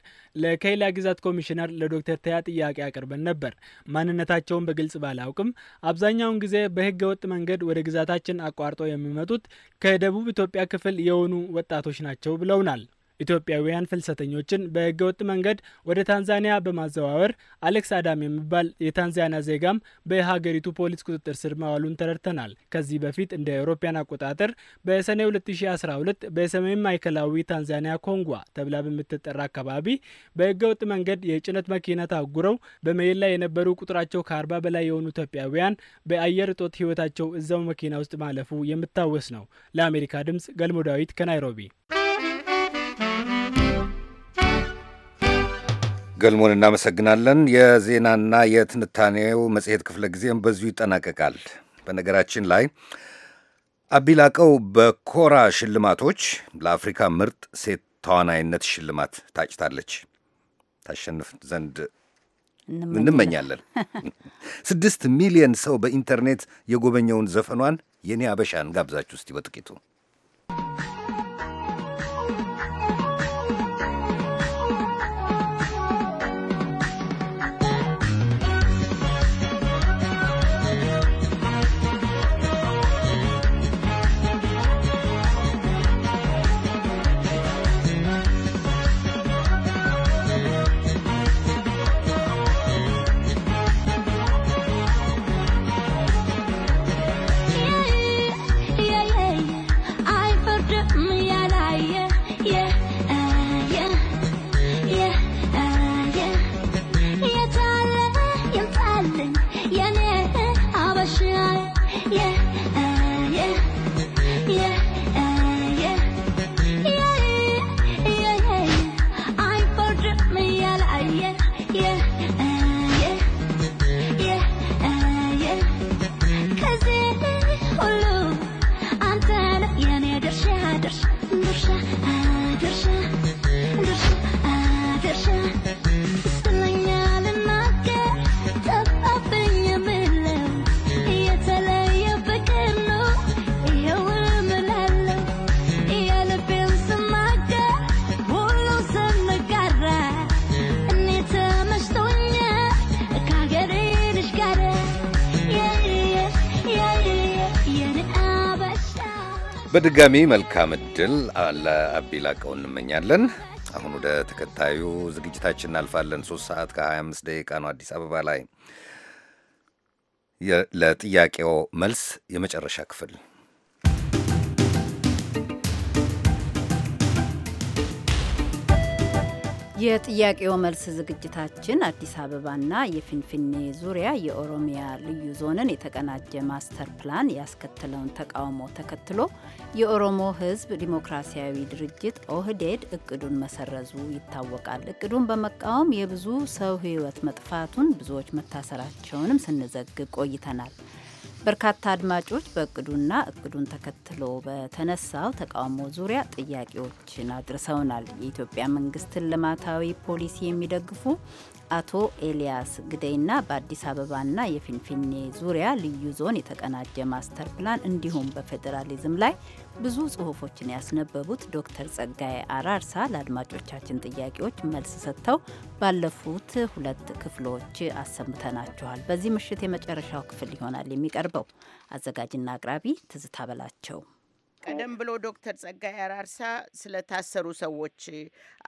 ለከይላ ግዛት ኮሚሽነር ለዶክተር ተያ ጥያቄ አቅርበን ነበር። ማንነታቸውን በግልጽ ባላውቅም አብዛኛውን ጊዜ በህገ ወጥ መንገድ ወደ ግዛታችን አቋርጠው የሚመጡት ከደቡብ ኢትዮጵያ ክፍል የሆኑ ወጣቶች ናቸው ብለውናል። ኢትዮጵያውያን ፍልሰተኞችን በህገወጥ መንገድ ወደ ታንዛኒያ በማዘዋወር አሌክስ አዳም የሚባል የታንዛኒያ ዜጋም በሀገሪቱ ፖሊስ ቁጥጥር ስር መዋሉን ተረድተናል። ከዚህ በፊት እንደ አውሮፓውያን አቆጣጠር በሰኔ 2012 በሰሜን ማዕከላዊ ታንዛኒያ ኮንጓ ተብላ በምትጠራ አካባቢ በህገወጥ መንገድ የጭነት መኪና ታጉረው በመሄድ ላይ የነበሩ ቁጥራቸው ከአርባ በላይ የሆኑ ኢትዮጵያውያን በአየር እጦት ህይወታቸው እዛው መኪና ውስጥ ማለፉ የሚታወስ ነው። ለአሜሪካ ድምጽ ገልሞ ዳዊት ከናይሮቢ ገልሞን እናመሰግናለን። የዜናና የትንታኔው መጽሔት ክፍለ ጊዜም በዚሁ ይጠናቀቃል። በነገራችን ላይ አቢላቀው በኮራ ሽልማቶች ለአፍሪካ ምርጥ ሴት ተዋናይነት ሽልማት ታጭታለች። ታሸንፍ ዘንድ እንመኛለን። ስድስት ሚሊዮን ሰው በኢንተርኔት የጎበኘውን ዘፈኗን የኔ አበሻን ጋብዛችሁ ውስጥ በጥቂቱ በድጋሚ መልካም እድል ለአቢ ላቀው እንመኛለን። አሁን ወደ ተከታዩ ዝግጅታችን እናልፋለን። ሶስት ሰዓት ከ25 ደቂቃ ነው አዲስ አበባ ላይ። ለጥያቄው መልስ የመጨረሻ ክፍል የጥያቄው መልስ ዝግጅታችን አዲስ አበባና የፊንፊኔ ዙሪያ የኦሮሚያ ልዩ ዞንን የተቀናጀ ማስተር ፕላን ያስከተለውን ተቃውሞ ተከትሎ የኦሮሞ ሕዝብ ዲሞክራሲያዊ ድርጅት ኦህዴድ እቅዱን መሰረዙ ይታወቃል። እቅዱን በመቃወም የብዙ ሰው ሕይወት መጥፋቱን ብዙዎች መታሰራቸውንም ስንዘግብ ቆይተናል። በርካታ አድማጮች በእቅዱና እቅዱን ተከትሎ በተነሳው ተቃውሞ ዙሪያ ጥያቄዎችን አድርሰውናል። የኢትዮጵያ መንግስትን ልማታዊ ፖሊሲ የሚደግፉ አቶ ኤልያስ ግደይና በአዲስ አበባና የፊንፊኔ ዙሪያ ልዩ ዞን የተቀናጀ ማስተር ፕላን እንዲሁም በፌዴራሊዝም ላይ ብዙ ጽሁፎችን ያስነበቡት ዶክተር ጸጋዬ አራርሳ ለአድማጮቻችን ጥያቄዎች መልስ ሰጥተው ባለፉት ሁለት ክፍሎች አሰምተናችኋል። በዚህ ምሽት የመጨረሻው ክፍል ይሆናል የሚቀርበው። አዘጋጅና አቅራቢ ትዝታ በላቸው። ቀደም ብሎ ዶክተር ጸጋይ አራርሳ ስለታሰሩ ሰዎች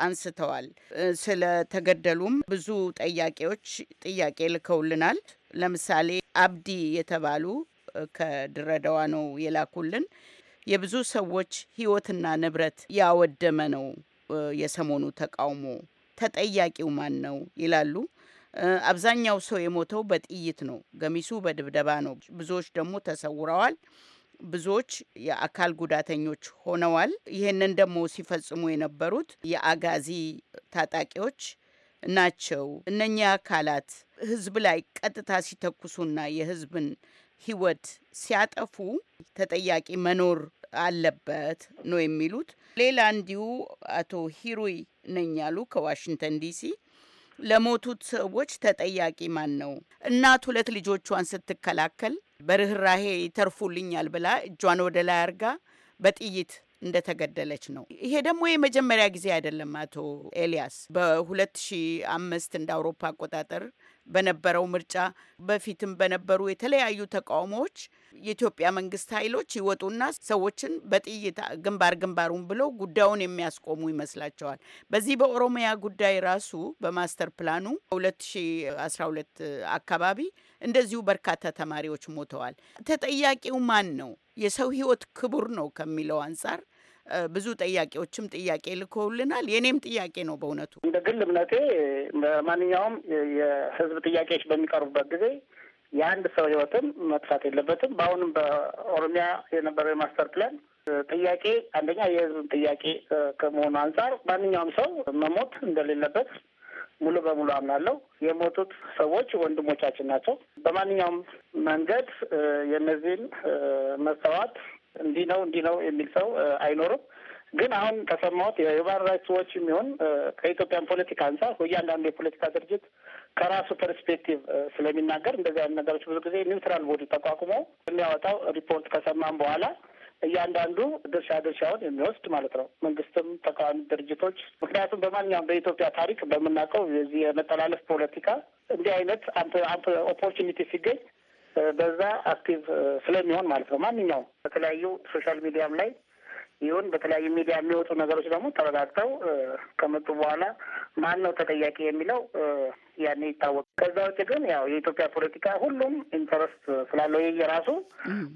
አንስተዋል። ስለተገደሉም ብዙ ጠያቄዎች ጥያቄ ልከውልናል። ለምሳሌ አብዲ የተባሉ ከድረዳዋ ነው የላኩልን። የብዙ ሰዎች ሕይወትና ንብረት ያወደመ ነው የሰሞኑ ተቃውሞ፣ ተጠያቂው ማን ነው ይላሉ። አብዛኛው ሰው የሞተው በጥይት ነው፣ ገሚሱ በድብደባ ነው። ብዙዎች ደግሞ ተሰውረዋል። ብዙዎች የአካል ጉዳተኞች ሆነዋል። ይህንን ደግሞ ሲፈጽሙ የነበሩት የአጋዚ ታጣቂዎች ናቸው። እነኚህ አካላት ህዝብ ላይ ቀጥታ ሲተኩሱና የህዝብን ህይወት ሲያጠፉ ተጠያቂ መኖር አለበት ነው የሚሉት። ሌላ እንዲሁ አቶ ሂሩይ ነኝ ያሉ ከዋሽንግተን ዲሲ ለሞቱት ሰዎች ተጠያቂ ማን ነው? እናት ሁለት ልጆቿን ስትከላከል በርኅራሄ ይተርፉልኛል ብላ እጇን ወደ ላይ አርጋ በጥይት እንደተገደለች ነው። ይሄ ደግሞ የመጀመሪያ ጊዜ አይደለም። አቶ ኤልያስ በ2005 እንደ አውሮፓ አቆጣጠር በነበረው ምርጫ በፊትም በነበሩ የተለያዩ ተቃውሞዎች የኢትዮጵያ መንግስት ኃይሎች ይወጡና ሰዎችን በጥይት ግንባር ግንባሩን ብለው ጉዳዩን የሚያስቆሙ ይመስላቸዋል። በዚህ በኦሮሚያ ጉዳይ ራሱ በማስተር ፕላኑ 2012 አካባቢ እንደዚሁ በርካታ ተማሪዎች ሞተዋል። ተጠያቂው ማን ነው? የሰው ህይወት ክቡር ነው ከሚለው አንጻር ብዙ ጥያቄዎችም ጥያቄ ልኮልናል። የእኔም ጥያቄ ነው። በእውነቱ እንደ ግል እምነቴ በማንኛውም የህዝብ ጥያቄዎች በሚቀርቡበት ጊዜ የአንድ ሰው ህይወትም መጥፋት የለበትም። በአሁንም በኦሮሚያ የነበረው የማስተር ፕላን ጥያቄ አንደኛ የህዝብን ጥያቄ ከመሆኑ አንጻር ማንኛውም ሰው መሞት እንደሌለበት ሙሉ በሙሉ አምናለሁ። የሞቱት ሰዎች ወንድሞቻችን ናቸው። በማንኛውም መንገድ የእነዚህን መሰዋት እንዲህ ነው እንዲህ ነው የሚል ሰው አይኖርም። ግን አሁን ከሰማሁት የሂውማን ራይትስ ዎች የሚሆን ከኢትዮጵያን ፖለቲካ አንጻር እያንዳንዱ የፖለቲካ ድርጅት ከራሱ ፐርስፔክቲቭ ስለሚናገር እንደዚህ አይነት ነገሮች ብዙ ጊዜ ኒውትራል ቦዲ ተቋቁሞ የሚያወጣው ሪፖርት ከሰማም በኋላ እያንዳንዱ ድርሻ ድርሻውን የሚወስድ ማለት ነው። መንግስትም፣ ተቃዋሚ ድርጅቶች ምክንያቱም በማንኛውም በኢትዮጵያ ታሪክ በምናውቀው የዚህ የመጠላለፍ ፖለቲካ እንዲህ አይነት ኦፖርቹኒቲ ሲገኝ በዛ አክቲቭ ስለሚሆን ማለት ነው። ማንኛውም በተለያዩ ሶሻል ሚዲያም ላይ ይሁን በተለያዩ ሚዲያ የሚወጡ ነገሮች ደግሞ ተረጋግተው ከመጡ በኋላ ማን ነው ተጠያቂ የሚለው ያኔ ይታወቅ። ከዛ ውጭ ግን ያው የኢትዮጵያ ፖለቲካ ሁሉም ኢንተረስት ስላለው የራሱ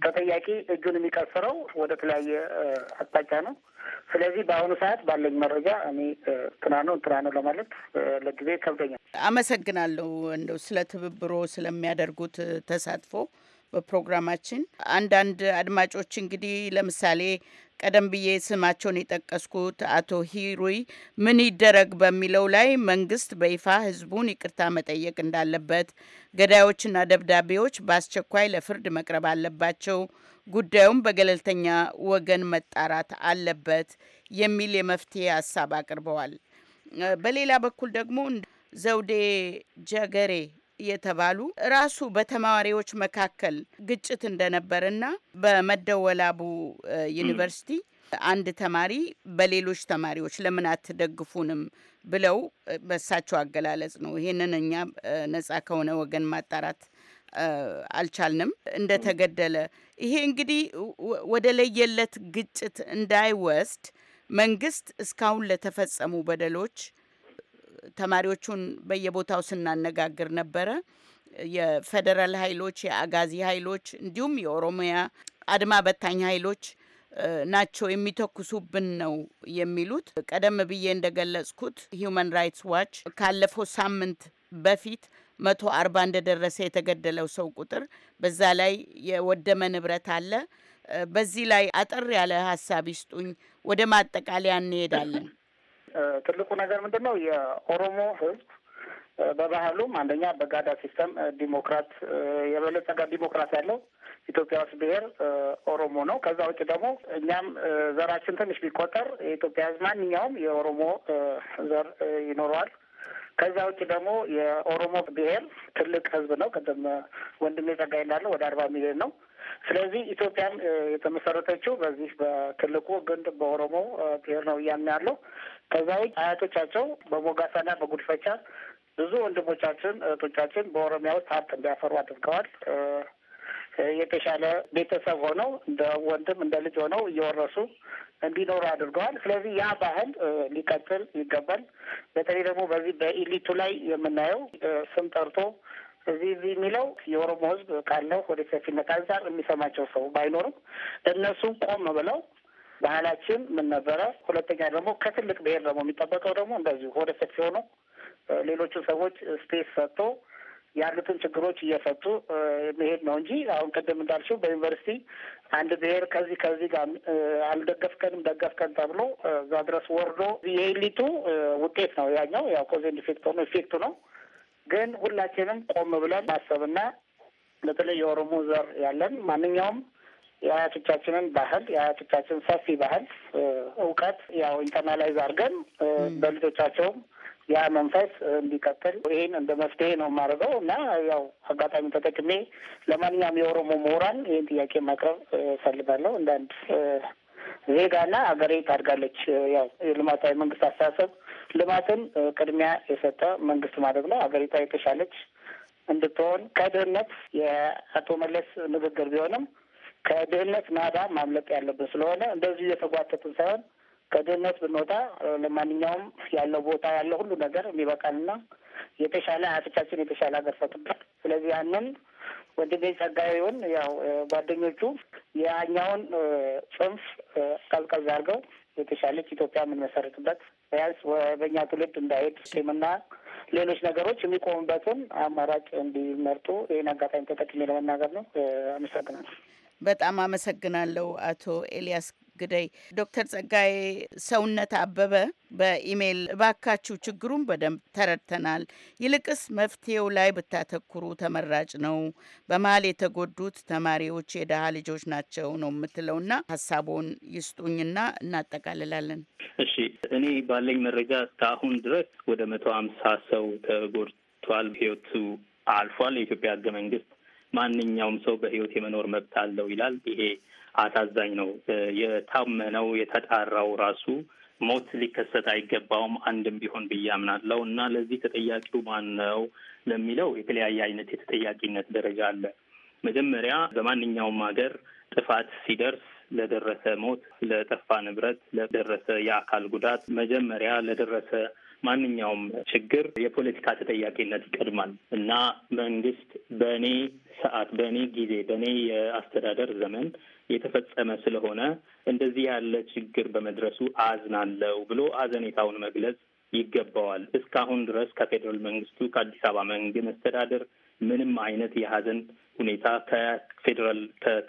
ተጠያቂ እጁን የሚቀስረው ወደ ተለያየ አቅጣጫ ነው። ስለዚህ በአሁኑ ሰዓት ባለኝ መረጃ እኔ እንትና ነው እንትና ነው ለማለት ለጊዜ ከብደኛል። አመሰግናለሁ እንደው ስለ ትብብሮ ስለሚያደርጉት ተሳትፎ በፕሮግራማችን አንዳንድ አድማጮች እንግዲህ ለምሳሌ ቀደም ብዬ ስማቸውን የጠቀስኩት አቶ ሂሩይ ምን ይደረግ በሚለው ላይ መንግስት በይፋ ህዝቡን ይቅርታ መጠየቅ እንዳለበት፣ ገዳዮችና ደብዳቤዎች በአስቸኳይ ለፍርድ መቅረብ አለባቸው፣ ጉዳዩም በገለልተኛ ወገን መጣራት አለበት የሚል የመፍትሄ ሀሳብ አቅርበዋል። በሌላ በኩል ደግሞ ዘውዴ ጀገሬ የተባሉ ራሱ በተማሪዎች መካከል ግጭት እንደነበርና በመደወላቡ ዩኒቨርሲቲ አንድ ተማሪ በሌሎች ተማሪዎች ለምን አትደግፉንም ብለው በሳቸው አገላለጽ ነው። ይህንን እኛ ነጻ ከሆነ ወገን ማጣራት አልቻልንም። እንደተገደለ ይሄ እንግዲህ ወደ ለየለት ግጭት እንዳይወስድ መንግስት እስካሁን ለተፈጸሙ በደሎች ተማሪዎቹን በየቦታው ስናነጋግር ነበረ። የፌዴራል ኃይሎች፣ የአጋዚ ኃይሎች እንዲሁም የኦሮሚያ አድማ በታኝ ኃይሎች ናቸው የሚተኩሱብን ነው የሚሉት። ቀደም ብዬ እንደገለጽኩት ሂዩማን ራይትስ ዋች ካለፈው ሳምንት በፊት መቶ አርባ እንደደረሰ የተገደለው ሰው ቁጥር በዛ ላይ የወደመ ንብረት አለ። በዚህ ላይ አጠር ያለ ሀሳብ ይስጡኝ። ወደ ማጠቃለያ እንሄዳለን። ትልቁ ነገር ምንድን ነው? የኦሮሞ ህዝብ በባህሉም አንደኛ በጋዳ ሲስተም ዲሞክራት የበለጸጋ ዲሞክራት ያለው ኢትዮጵያ ውስጥ ብሔር ኦሮሞ ነው። ከዛ ውጭ ደግሞ እኛም ዘራችን ትንሽ ቢቆጠር የኢትዮጵያ ህዝብ ማንኛውም የኦሮሞ ዘር ይኖረዋል። ከዛ ውጭ ደግሞ የኦሮሞ ብሔር ትልቅ ህዝብ ነው። ቅድም ወንድሜ ጸጋዬ እንዳለው ወደ አርባ ሚሊዮን ነው። ስለዚህ ኢትዮጵያም የተመሰረተችው በዚህ በትልቁ ግንድ በኦሮሞ ብሔር ነው እያምን ያለው። ከዛ ውጭ አያቶቻቸው በሞጋሳና በጉድፈቻ ብዙ ወንድሞቻችን እህቶቻችን በኦሮሚያ ውስጥ ሀብት እንዲያፈሩ አድርገዋል። የተሻለ ቤተሰብ ሆነው እንደ ወንድም እንደ ልጅ ሆነው እየወረሱ እንዲኖሩ አድርገዋል። ስለዚህ ያ ባህል ሊቀጥል ይገባል። በተለይ ደግሞ በዚህ በኢሊቱ ላይ የምናየው ስም ጠርቶ እዚህ እዚህ የሚለው የኦሮሞ ሕዝብ ካለው ወደ ሰፊነት አንጻር የሚሰማቸው ሰው ባይኖርም እነሱም ቆም ብለው ባህላችን ምን ነበረ? ሁለተኛ ደግሞ ከትልቅ ብሔር ደግሞ የሚጠበቀው ደግሞ እንደዚሁ ሆደ ሰፊ ሆኖ ሰዎች ስፔስ ሰጥቶ ያሉትን ችግሮች እየፈቱ መሄድ ነው እንጂ አሁን ቅድም እንዳልሽው በዩኒቨርሲቲ አንድ ብሔር ከዚህ ከዚህ ጋር አልደገፍከንም ደገፍከን ተብሎ እዛ ድረስ ወርዶ የኤሊቱ ውጤት ነው ያኛው። ያው ኮዜን ኢፌክት ሆኖ ኢፌክቱ ነው። ግን ሁላችንም ቆም ብለን ማሰብና በተለይ የኦሮሞ ዘር ያለን ማንኛውም የአያቶቻችንን ባህል የአያቶቻችን ሰፊ ባህል እውቀት ያው ኢንተርናላይዝ አድርገን በልጆቻቸውም ያ መንፈስ እንዲቀጥል ይህን እንደ መፍትሄ ነው የማደርገው እና ያው አጋጣሚ ተጠቅሜ ለማንኛውም የኦሮሞ ምሁራን ይህን ጥያቄ ማቅረብ እፈልጋለሁ። እንደ ዜጋና አገሬ ታድጋለች። ያው የልማታዊ መንግስት አስተሳሰብ ልማትን ቅድሚያ የሰጠ መንግስት ማድረግ ነው። አገሪቷ የተሻለች እንድትሆን ከድህነት የአቶ መለስ ንግግር ቢሆንም ከድህነት ናዳ ማምለጥ ያለብን ስለሆነ እንደዚህ እየተጓተትን ሳይሆን ከድህነት ብንወጣ ለማንኛውም ያለው ቦታ ያለው ሁሉ ነገር የሚበቃልና የተሻለ አያቶቻችን የተሻለ ሀገር ፈጥሯል። ስለዚህ ያንን ወንድሜ ጸጋዬውን ያው ጓደኞቹ የኛውን ጽንፍ ቀዝቀዝ አድርገው የተሻለች ኢትዮጵያ የምንመሰርትበት ያዝ በእኛ ትውልድ እንዳይሄድ ስቴምና ሌሎች ነገሮች የሚቆሙበትን አማራጭ እንዲመርጡ ይህን አጋጣሚ ተጠቅሜ ለመናገር ነው። አመሰግናለሁ። በጣም አመሰግናለሁ አቶ ኤልያስ ግደይ። ዶክተር ጸጋዬ ሰውነት አበበ በኢሜይል እባካችሁ ችግሩን በደንብ ተረድተናል፣ ይልቅስ መፍትሄው ላይ ብታተኩሩ ተመራጭ ነው። በመሀል የተጎዱት ተማሪዎች የደሃ ልጆች ናቸው ነው የምትለውና ሀሳቡን ይስጡኝና እናጠቃልላለን። እሺ እኔ ባለኝ መረጃ እስካሁን ድረስ ወደ መቶ ሀምሳ ሰው ተጎድቷል፣ ህይወቱ አልፏል። የኢትዮጵያ ህገ መንግስት ማንኛውም ሰው በህይወት የመኖር መብት አለው ይላል። ይሄ አሳዛኝ ነው። የታመነው የተጣራው ራሱ ሞት ሊከሰት አይገባውም አንድም ቢሆን ብዬ አምናለው እና ለዚህ ተጠያቂው ማን ነው ለሚለው የተለያየ አይነት የተጠያቂነት ደረጃ አለ። መጀመሪያ በማንኛውም ሀገር ጥፋት ሲደርስ ለደረሰ ሞት፣ ለጠፋ ንብረት፣ ለደረሰ የአካል ጉዳት መጀመሪያ ለደረሰ ማንኛውም ችግር የፖለቲካ ተጠያቂነት ይቀድማል እና መንግስት በእኔ ሰዓት፣ በእኔ ጊዜ፣ በእኔ የአስተዳደር ዘመን የተፈጸመ ስለሆነ እንደዚህ ያለ ችግር በመድረሱ አዝናለው ብሎ ሀዘኔታውን መግለጽ ይገባዋል። እስካሁን ድረስ ከፌዴራል መንግስቱ ከአዲስ አበባ መንግስት መስተዳደር ምንም አይነት የሀዘን ሁኔታ ከፌዴራል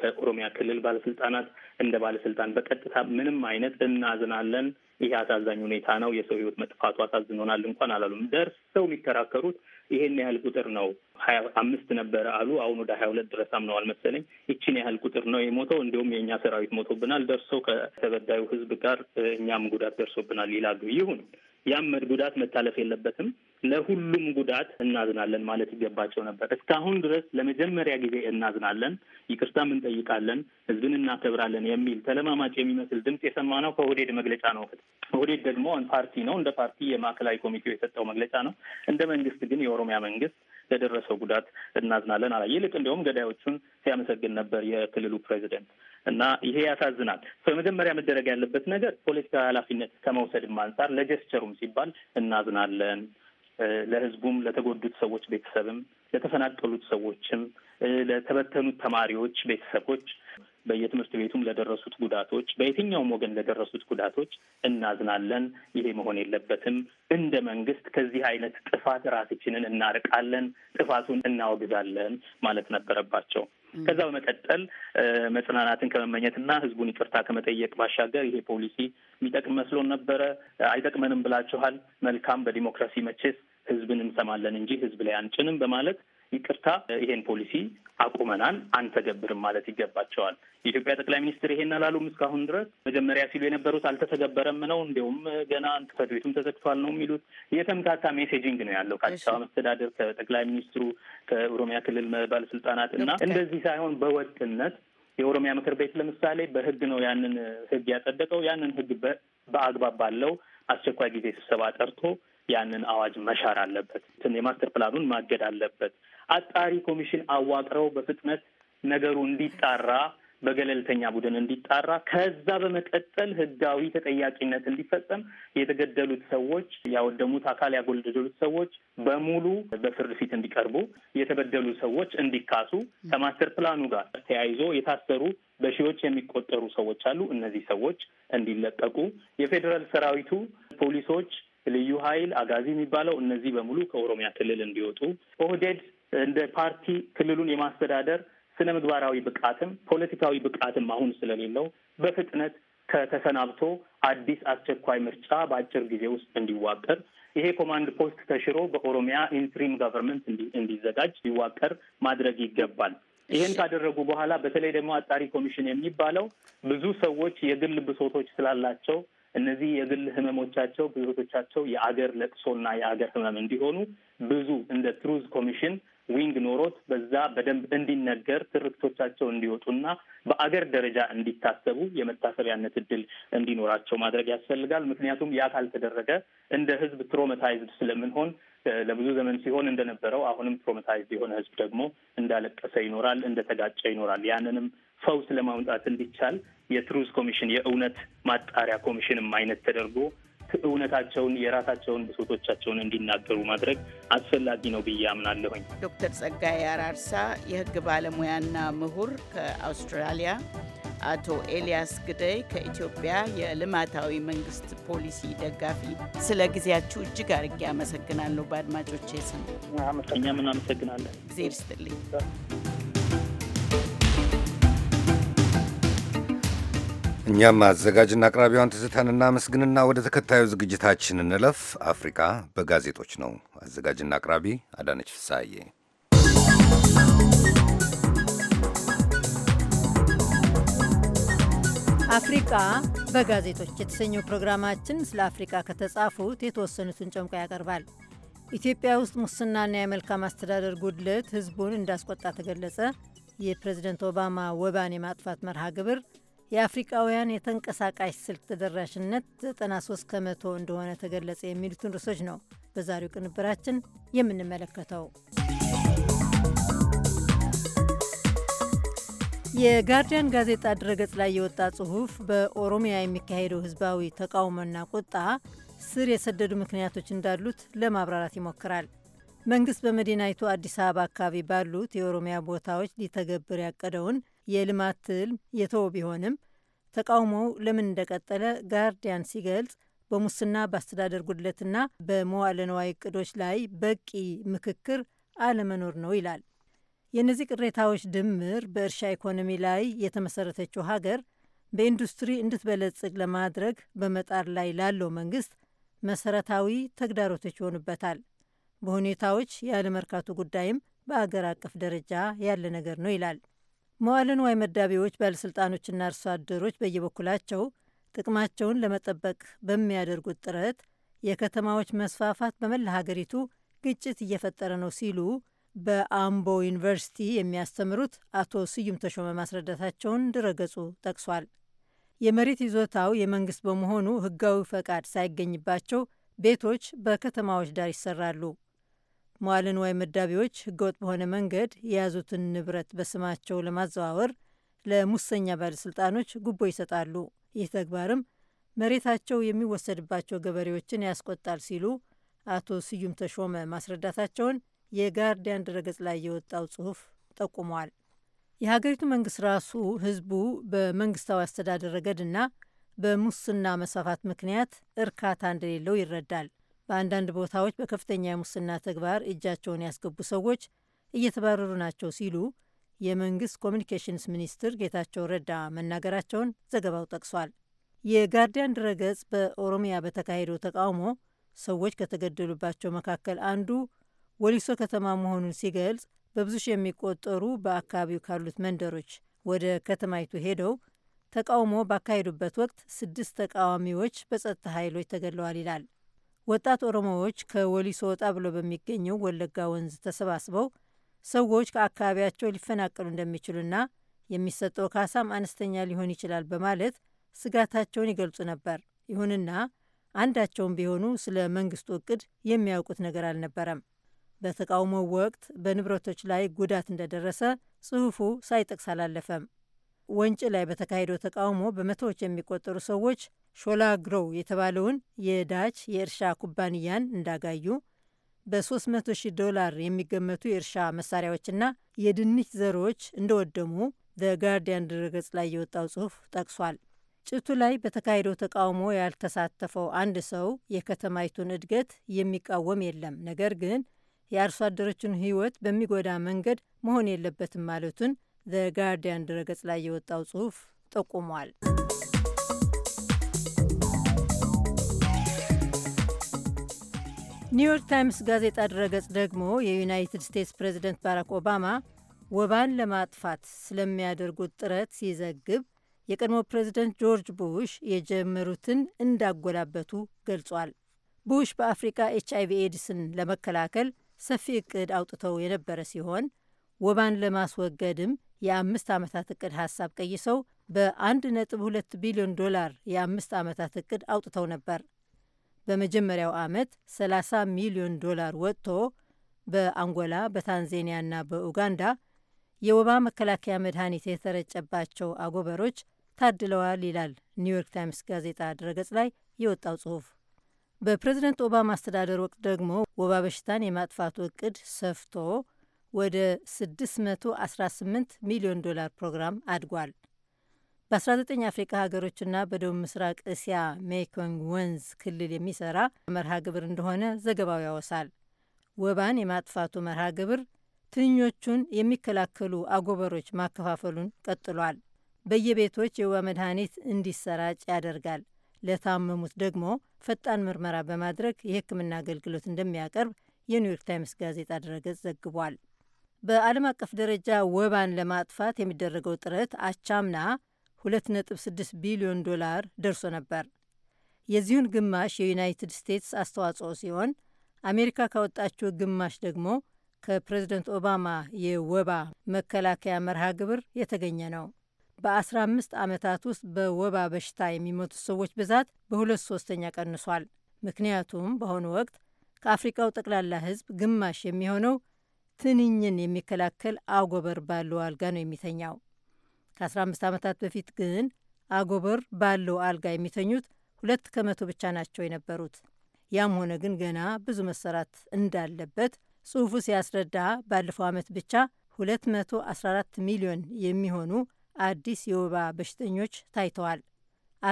ከኦሮሚያ ክልል ባለስልጣናት እንደ ባለስልጣን በቀጥታ ምንም አይነት እናዝናለን ይሄ አሳዛኝ ሁኔታ ነው፣ የሰው ህይወት መጥፋቱ አሳዝኖናል እንኳን አላሉም። ደርሰው የሚከራከሩት ይሄን ያህል ቁጥር ነው። ሀያ አምስት ነበረ አሉ። አሁን ወደ ሀያ ሁለት ድረስ አምነዋል መሰለኝ። ይችን ያህል ቁጥር ነው የሞተው፣ እንዲሁም የእኛ ሰራዊት ሞቶብናል፣ ደርሰው ከተበዳዩ ህዝብ ጋር እኛም ጉዳት ደርሶብናል ይላሉ። ይሁን ያመድ ጉዳት መታለፍ የለበትም። ለሁሉም ጉዳት እናዝናለን ማለት ይገባቸው ነበር። እስካሁን ድረስ ለመጀመሪያ ጊዜ እናዝናለን፣ ይቅርታም እንጠይቃለን፣ ህዝብን እናከብራለን የሚል ተለማማጭ የሚመስል ድምፅ የሰማነው ከኦህዴድ መግለጫ ነው። ኦህዴድ ደግሞ ፓርቲ ነው። እንደ ፓርቲ የማዕከላዊ ኮሚቴው የሰጠው መግለጫ ነው። እንደ መንግስት ግን የኦሮሚያ መንግስት ለደረሰው ጉዳት እናዝናለን አላ። ይልቅ እንዲሁም ገዳዮቹን ሲያመሰግን ነበር የክልሉ ፕሬዚደንት። እና ይሄ ያሳዝናል። በመጀመሪያ መደረግ ያለበት ነገር ፖለቲካዊ ኃላፊነት ከመውሰድም አንጻር ለጀስቸሩም ሲባል እናዝናለን ለህዝቡም ለተጎዱት ሰዎች ቤተሰብም፣ ለተፈናቀሉት ሰዎችም፣ ለተበተኑት ተማሪዎች ቤተሰቦች በየትምህርት ቤቱም ለደረሱት ጉዳቶች፣ በየትኛውም ወገን ለደረሱት ጉዳቶች እናዝናለን። ይሄ መሆን የለበትም። እንደ መንግስት ከዚህ አይነት ጥፋት ራሳችንን እናርቃለን፣ ጥፋቱን እናወግዛለን ማለት ነበረባቸው። ከዛ በመቀጠል መጽናናትን ከመመኘትና ህዝቡን ይቅርታ ከመጠየቅ ባሻገር ይሄ ፖሊሲ የሚጠቅም መስሎን ነበረ። አይጠቅመንም ብላችኋል። መልካም፣ በዲሞክራሲ መቼስ ህዝብን እንሰማለን እንጂ ህዝብ ላይ አንጭንም በማለት ይቅርታ ይሄን ፖሊሲ አቁመናል፣ አንተገብርም ማለት ይገባቸዋል። የኢትዮጵያ ጠቅላይ ሚኒስትር ይሄን አላሉም እስካሁን ድረስ። መጀመሪያ ሲሉ የነበሩት አልተተገበረም ነው፣ እንዲሁም ገና ጽሕፈት ቤቱም ተዘግቷል ነው የሚሉት። የተምታታ ሜሴጂንግ ነው ያለው ከአዲስ አበባ መስተዳደር፣ ከጠቅላይ ሚኒስትሩ፣ ከኦሮሚያ ክልል ባለስልጣናት እና እንደዚህ ሳይሆን በወጥነት የኦሮሚያ ምክር ቤት ለምሳሌ በህግ ነው ያንን ህግ ያጸደቀው። ያንን ህግ በአግባብ ባለው አስቸኳይ ጊዜ ስብሰባ ጠርቶ ያንን አዋጅ መሻር አለበት። የማስተር ፕላኑን ማገድ አለበት። አጣሪ ኮሚሽን አዋቅረው በፍጥነት ነገሩ እንዲጣራ በገለልተኛ ቡድን እንዲጣራ ከዛ በመቀጠል ህጋዊ ተጠያቂነት እንዲፈጸም የተገደሉት ሰዎች፣ ያወደሙት አካል ያጎደሉት ሰዎች በሙሉ በፍርድ ፊት እንዲቀርቡ፣ የተበደሉ ሰዎች እንዲካሱ፣ ከማስተር ፕላኑ ጋር ተያይዞ የታሰሩ በሺዎች የሚቆጠሩ ሰዎች አሉ። እነዚህ ሰዎች እንዲለቀቁ የፌዴራል ሰራዊቱ ፖሊሶች ልዩ ኃይል አጋዚ የሚባለው እነዚህ በሙሉ ከኦሮሚያ ክልል እንዲወጡ ኦህዴድ እንደ ፓርቲ ክልሉን የማስተዳደር ስነ ምግባራዊ ብቃትም ፖለቲካዊ ብቃትም አሁን ስለሌለው በፍጥነት ከተሰናብቶ አዲስ አስቸኳይ ምርጫ በአጭር ጊዜ ውስጥ እንዲዋቀር ይሄ ኮማንድ ፖስት ተሽሮ በኦሮሚያ ኢንትሪም ጋቨርንመንት እንዲዘጋጅ ሊዋቀር ማድረግ ይገባል። ይህን ካደረጉ በኋላ በተለይ ደግሞ አጣሪ ኮሚሽን የሚባለው ብዙ ሰዎች የግል ብሶቶች ስላላቸው እነዚህ የግል ህመሞቻቸው ብዙቶቻቸው የአገር ለቅሶና የአገር ህመም እንዲሆኑ ብዙ እንደ ትሩዝ ኮሚሽን ዊንግ ኖሮት በዛ በደንብ እንዲነገር ትርክቶቻቸው እንዲወጡና በአገር ደረጃ እንዲታሰቡ የመታሰቢያነት እድል እንዲኖራቸው ማድረግ ያስፈልጋል። ምክንያቱም ያ ካልተደረገ እንደ ህዝብ ትሮመታይዝድ ስለምንሆን ለብዙ ዘመን ሲሆን እንደነበረው አሁንም ትሮመታይዝድ የሆነ ህዝብ ደግሞ እንዳለቀሰ ይኖራል፣ እንደተጋጨ ይኖራል። ያንንም ፈውስ ለማምጣት እንዲቻል የትሩዝ ኮሚሽን የእውነት ማጣሪያ ኮሚሽንም አይነት ተደርጎ እውነታቸውን የራሳቸውን ብሶቶቻቸውን እንዲናገሩ ማድረግ አስፈላጊ ነው ብዬ አምናለሁኝ። ዶክተር ጸጋዬ አራርሳ የህግ ባለሙያና ምሁር ከአውስትራሊያ፣ አቶ ኤልያስ ግደይ ከኢትዮጵያ የልማታዊ መንግስት ፖሊሲ ደጋፊ፣ ስለ ጊዜያችሁ እጅግ አርጌ አመሰግናለሁ። በአድማጮቼ ስም እኛም እናመሰግናለን። እግዜር ይስጥልኝ። እኛም አዘጋጅና አቅራቢዋን ትዝታንና ምስግንና ወደ ተከታዩ ዝግጅታችን እንለፍ። አፍሪካ በጋዜጦች ነው። አዘጋጅና አቅራቢ አዳነች ፍሳዬ። አፍሪቃ በጋዜጦች የተሰኘው ፕሮግራማችን ስለ አፍሪቃ ከተጻፉት የተወሰኑትን ጨምቆ ያቀርባል። ኢትዮጵያ ውስጥ ሙስናና የመልካም አስተዳደር ጉድለት ህዝቡን እንዳስቆጣ ተገለጸ። የፕሬዝደንት ኦባማ ወባን የማጥፋት መርሃ ግብር የአፍሪቃውያን የተንቀሳቃሽ ስልክ ተደራሽነት 93 ከመቶ እንደሆነ ተገለጸ የሚሉትን ርዕሶች ነው በዛሬው ቅንብራችን የምንመለከተው። የጋርዲያን ጋዜጣ ድረገጽ ላይ የወጣ ጽሑፍ በኦሮሚያ የሚካሄደው ህዝባዊ ተቃውሞና ቁጣ ስር የሰደዱ ምክንያቶች እንዳሉት ለማብራራት ይሞክራል። መንግስት በመዲናይቱ አዲስ አበባ አካባቢ ባሉት የኦሮሚያ ቦታዎች ሊተገብር ያቀደውን የልማት ትልም የተወ ቢሆንም ተቃውሞው ለምን እንደቀጠለ ጋርዲያን ሲገልጽ በሙስና በአስተዳደር ጉድለትና በመዋለ ነዋይ እቅዶች ላይ በቂ ምክክር አለመኖር ነው ይላል። የእነዚህ ቅሬታዎች ድምር በእርሻ ኢኮኖሚ ላይ የተመሰረተችው ሀገር በኢንዱስትሪ እንድትበለጽግ ለማድረግ በመጣር ላይ ላለው መንግስት መሰረታዊ ተግዳሮቶች ይሆኑበታል። በሁኔታዎች ያለመርካቱ ጉዳይም በአገር አቀፍ ደረጃ ያለ ነገር ነው ይላል። መዋለ ንዋይ መዳቢዎች ባለሥልጣኖችና አርሶ አደሮች በየበኩላቸው ጥቅማቸውን ለመጠበቅ በሚያደርጉት ጥረት የከተማዎች መስፋፋት በመላ ሀገሪቱ ግጭት እየፈጠረ ነው ሲሉ በአምቦ ዩኒቨርሲቲ የሚያስተምሩት አቶ ስዩም ተሾመ ማስረዳታቸውን ድረገጹ ጠቅሷል። የመሬት ይዞታው የመንግስት በመሆኑ ህጋዊ ፈቃድ ሳይገኝባቸው ቤቶች በከተማዎች ዳር ይሰራሉ። መዋለ ንዋይ መዳቢዎች ህገወጥ በሆነ መንገድ የያዙትን ንብረት በስማቸው ለማዘዋወር ለሙሰኛ ባለሥልጣኖች ጉቦ ይሰጣሉ። ይህ ተግባርም መሬታቸው የሚወሰድባቸው ገበሬዎችን ያስቆጣል ሲሉ አቶ ስዩም ተሾመ ማስረዳታቸውን የጋርዲያን ድረገጽ ላይ የወጣው ጽሑፍ ጠቁሟል። የሀገሪቱ መንግስት ራሱ ህዝቡ በመንግስታዊ አስተዳደር ረገድና በሙስና መስፋፋት ምክንያት እርካታ እንደሌለው ይረዳል። በአንዳንድ ቦታዎች በከፍተኛ የሙስና ተግባር እጃቸውን ያስገቡ ሰዎች እየተባረሩ ናቸው ሲሉ የመንግስት ኮሚኒኬሽንስ ሚኒስትር ጌታቸው ረዳ መናገራቸውን ዘገባው ጠቅሷል። የጋርዲያን ድረገጽ በኦሮሚያ በተካሄደው ተቃውሞ ሰዎች ከተገደሉባቸው መካከል አንዱ ወሊሶ ከተማ መሆኑን ሲገልጽ በብዙ ሺህ የሚቆጠሩ በአካባቢው ካሉት መንደሮች ወደ ከተማይቱ ሄደው ተቃውሞ ባካሄዱበት ወቅት ስድስት ተቃዋሚዎች በጸጥታ ኃይሎች ተገድለዋል ይላል። ወጣት ኦሮሞዎች ከወሊሶ ወጣ ብሎ በሚገኘው ወለጋ ወንዝ ተሰባስበው ሰዎች ከአካባቢያቸው ሊፈናቀሉ እንደሚችሉና የሚሰጠው ካሳም አነስተኛ ሊሆን ይችላል በማለት ስጋታቸውን ይገልጹ ነበር። ይሁንና አንዳቸውም ቢሆኑ ስለ መንግስቱ እቅድ የሚያውቁት ነገር አልነበረም። በተቃውሞው ወቅት በንብረቶች ላይ ጉዳት እንደደረሰ ጽሑፉ ሳይጠቅስ አላለፈም። ወንጭ ላይ በተካሄደው ተቃውሞ በመቶዎች የሚቆጠሩ ሰዎች ሾላ ግሮው የተባለውን የዳች የእርሻ ኩባንያን እንዳጋዩ በ300 ሺህ ዶላር የሚገመቱ የእርሻ መሳሪያዎችና የድንች ዘሮዎች እንደወደሙ ዘ ጋርዲያን ድረገጽ ላይ የወጣው ጽሑፍ ጠቅሷል። ጭቱ ላይ በተካሄደው ተቃውሞ ያልተሳተፈው አንድ ሰው የከተማይቱን እድገት የሚቃወም የለም፣ ነገር ግን የአርሶ አደሮችን ሕይወት በሚጎዳ መንገድ መሆን የለበትም ማለቱን ዘ ጋርዲያን ድረገጽ ላይ የወጣው ጽሑፍ ጠቁሟል። ኒውዮርክ ታይምስ ጋዜጣ ድረገጽ ደግሞ የዩናይትድ ስቴትስ ፕሬዚደንት ባራክ ኦባማ ወባን ለማጥፋት ስለሚያደርጉት ጥረት ሲዘግብ የቀድሞ ፕሬዚደንት ጆርጅ ቡሽ የጀመሩትን እንዳጎላበቱ ገልጿል። ቡሽ በአፍሪካ ኤች አይቪ ኤድስን ለመከላከል ሰፊ እቅድ አውጥተው የነበረ ሲሆን ወባን ለማስወገድም የአምስት ዓመታት እቅድ ሀሳብ ቀይሰው በ1.2 ቢሊዮን ዶላር የአምስት ዓመታት እቅድ አውጥተው ነበር። በመጀመሪያው ዓመት 30 ሚሊዮን ዶላር ወጥቶ በአንጎላ በታንዜኒያና በኡጋንዳ የወባ መከላከያ መድኃኒት የተረጨባቸው አጎበሮች ታድለዋል ይላል ኒውዮርክ ታይምስ ጋዜጣ ድረገጽ ላይ የወጣው ጽሑፍ። በፕሬዝደንት ኦባማ አስተዳደር ወቅት ደግሞ ወባ በሽታን የማጥፋቱ እቅድ ሰፍቶ ወደ 618 ሚሊዮን ዶላር ፕሮግራም አድጓል። በ19 አፍሪካ ሀገሮችና በደቡብ ምስራቅ እስያ ሜኮንግ ወንዝ ክልል የሚሰራ መርሃ ግብር እንደሆነ ዘገባው ያወሳል። ወባን የማጥፋቱ መርሃ ግብር ትንኞቹን የሚከላከሉ አጎበሮች ማከፋፈሉን ቀጥሏል። በየቤቶች የወባ መድኃኒት እንዲሰራጭ ያደርጋል። ለታመሙት ደግሞ ፈጣን ምርመራ በማድረግ የሕክምና አገልግሎት እንደሚያቀርብ የኒውዮርክ ታይምስ ጋዜጣ ድረገጽ ዘግቧል። በዓለም አቀፍ ደረጃ ወባን ለማጥፋት የሚደረገው ጥረት አቻምና 2.6 ቢሊዮን ዶላር ደርሶ ነበር። የዚሁን ግማሽ የዩናይትድ ስቴትስ አስተዋጽኦ ሲሆን አሜሪካ ካወጣችው ግማሽ ደግሞ ከፕሬዝደንት ኦባማ የወባ መከላከያ መርሃ ግብር የተገኘ ነው። በ15 ዓመታት ውስጥ በወባ በሽታ የሚሞቱት ሰዎች ብዛት በሁለት ሶስተኛ ቀንሷል። ምክንያቱም በአሁኑ ወቅት ከአፍሪቃው ጠቅላላ ሕዝብ ግማሽ የሚሆነው ትንኝን የሚከላከል አጎበር ባለው አልጋ ነው የሚተኛው። ከ15 ዓመታት በፊት ግን አጎበር ባለው አልጋ የሚተኙት ሁለት ከመቶ ብቻ ናቸው የነበሩት። ያም ሆነ ግን ገና ብዙ መሰራት እንዳለበት ጽሑፉ ሲያስረዳ ባለፈው ዓመት ብቻ 214 ሚሊዮን የሚሆኑ አዲስ የወባ በሽተኞች ታይተዋል።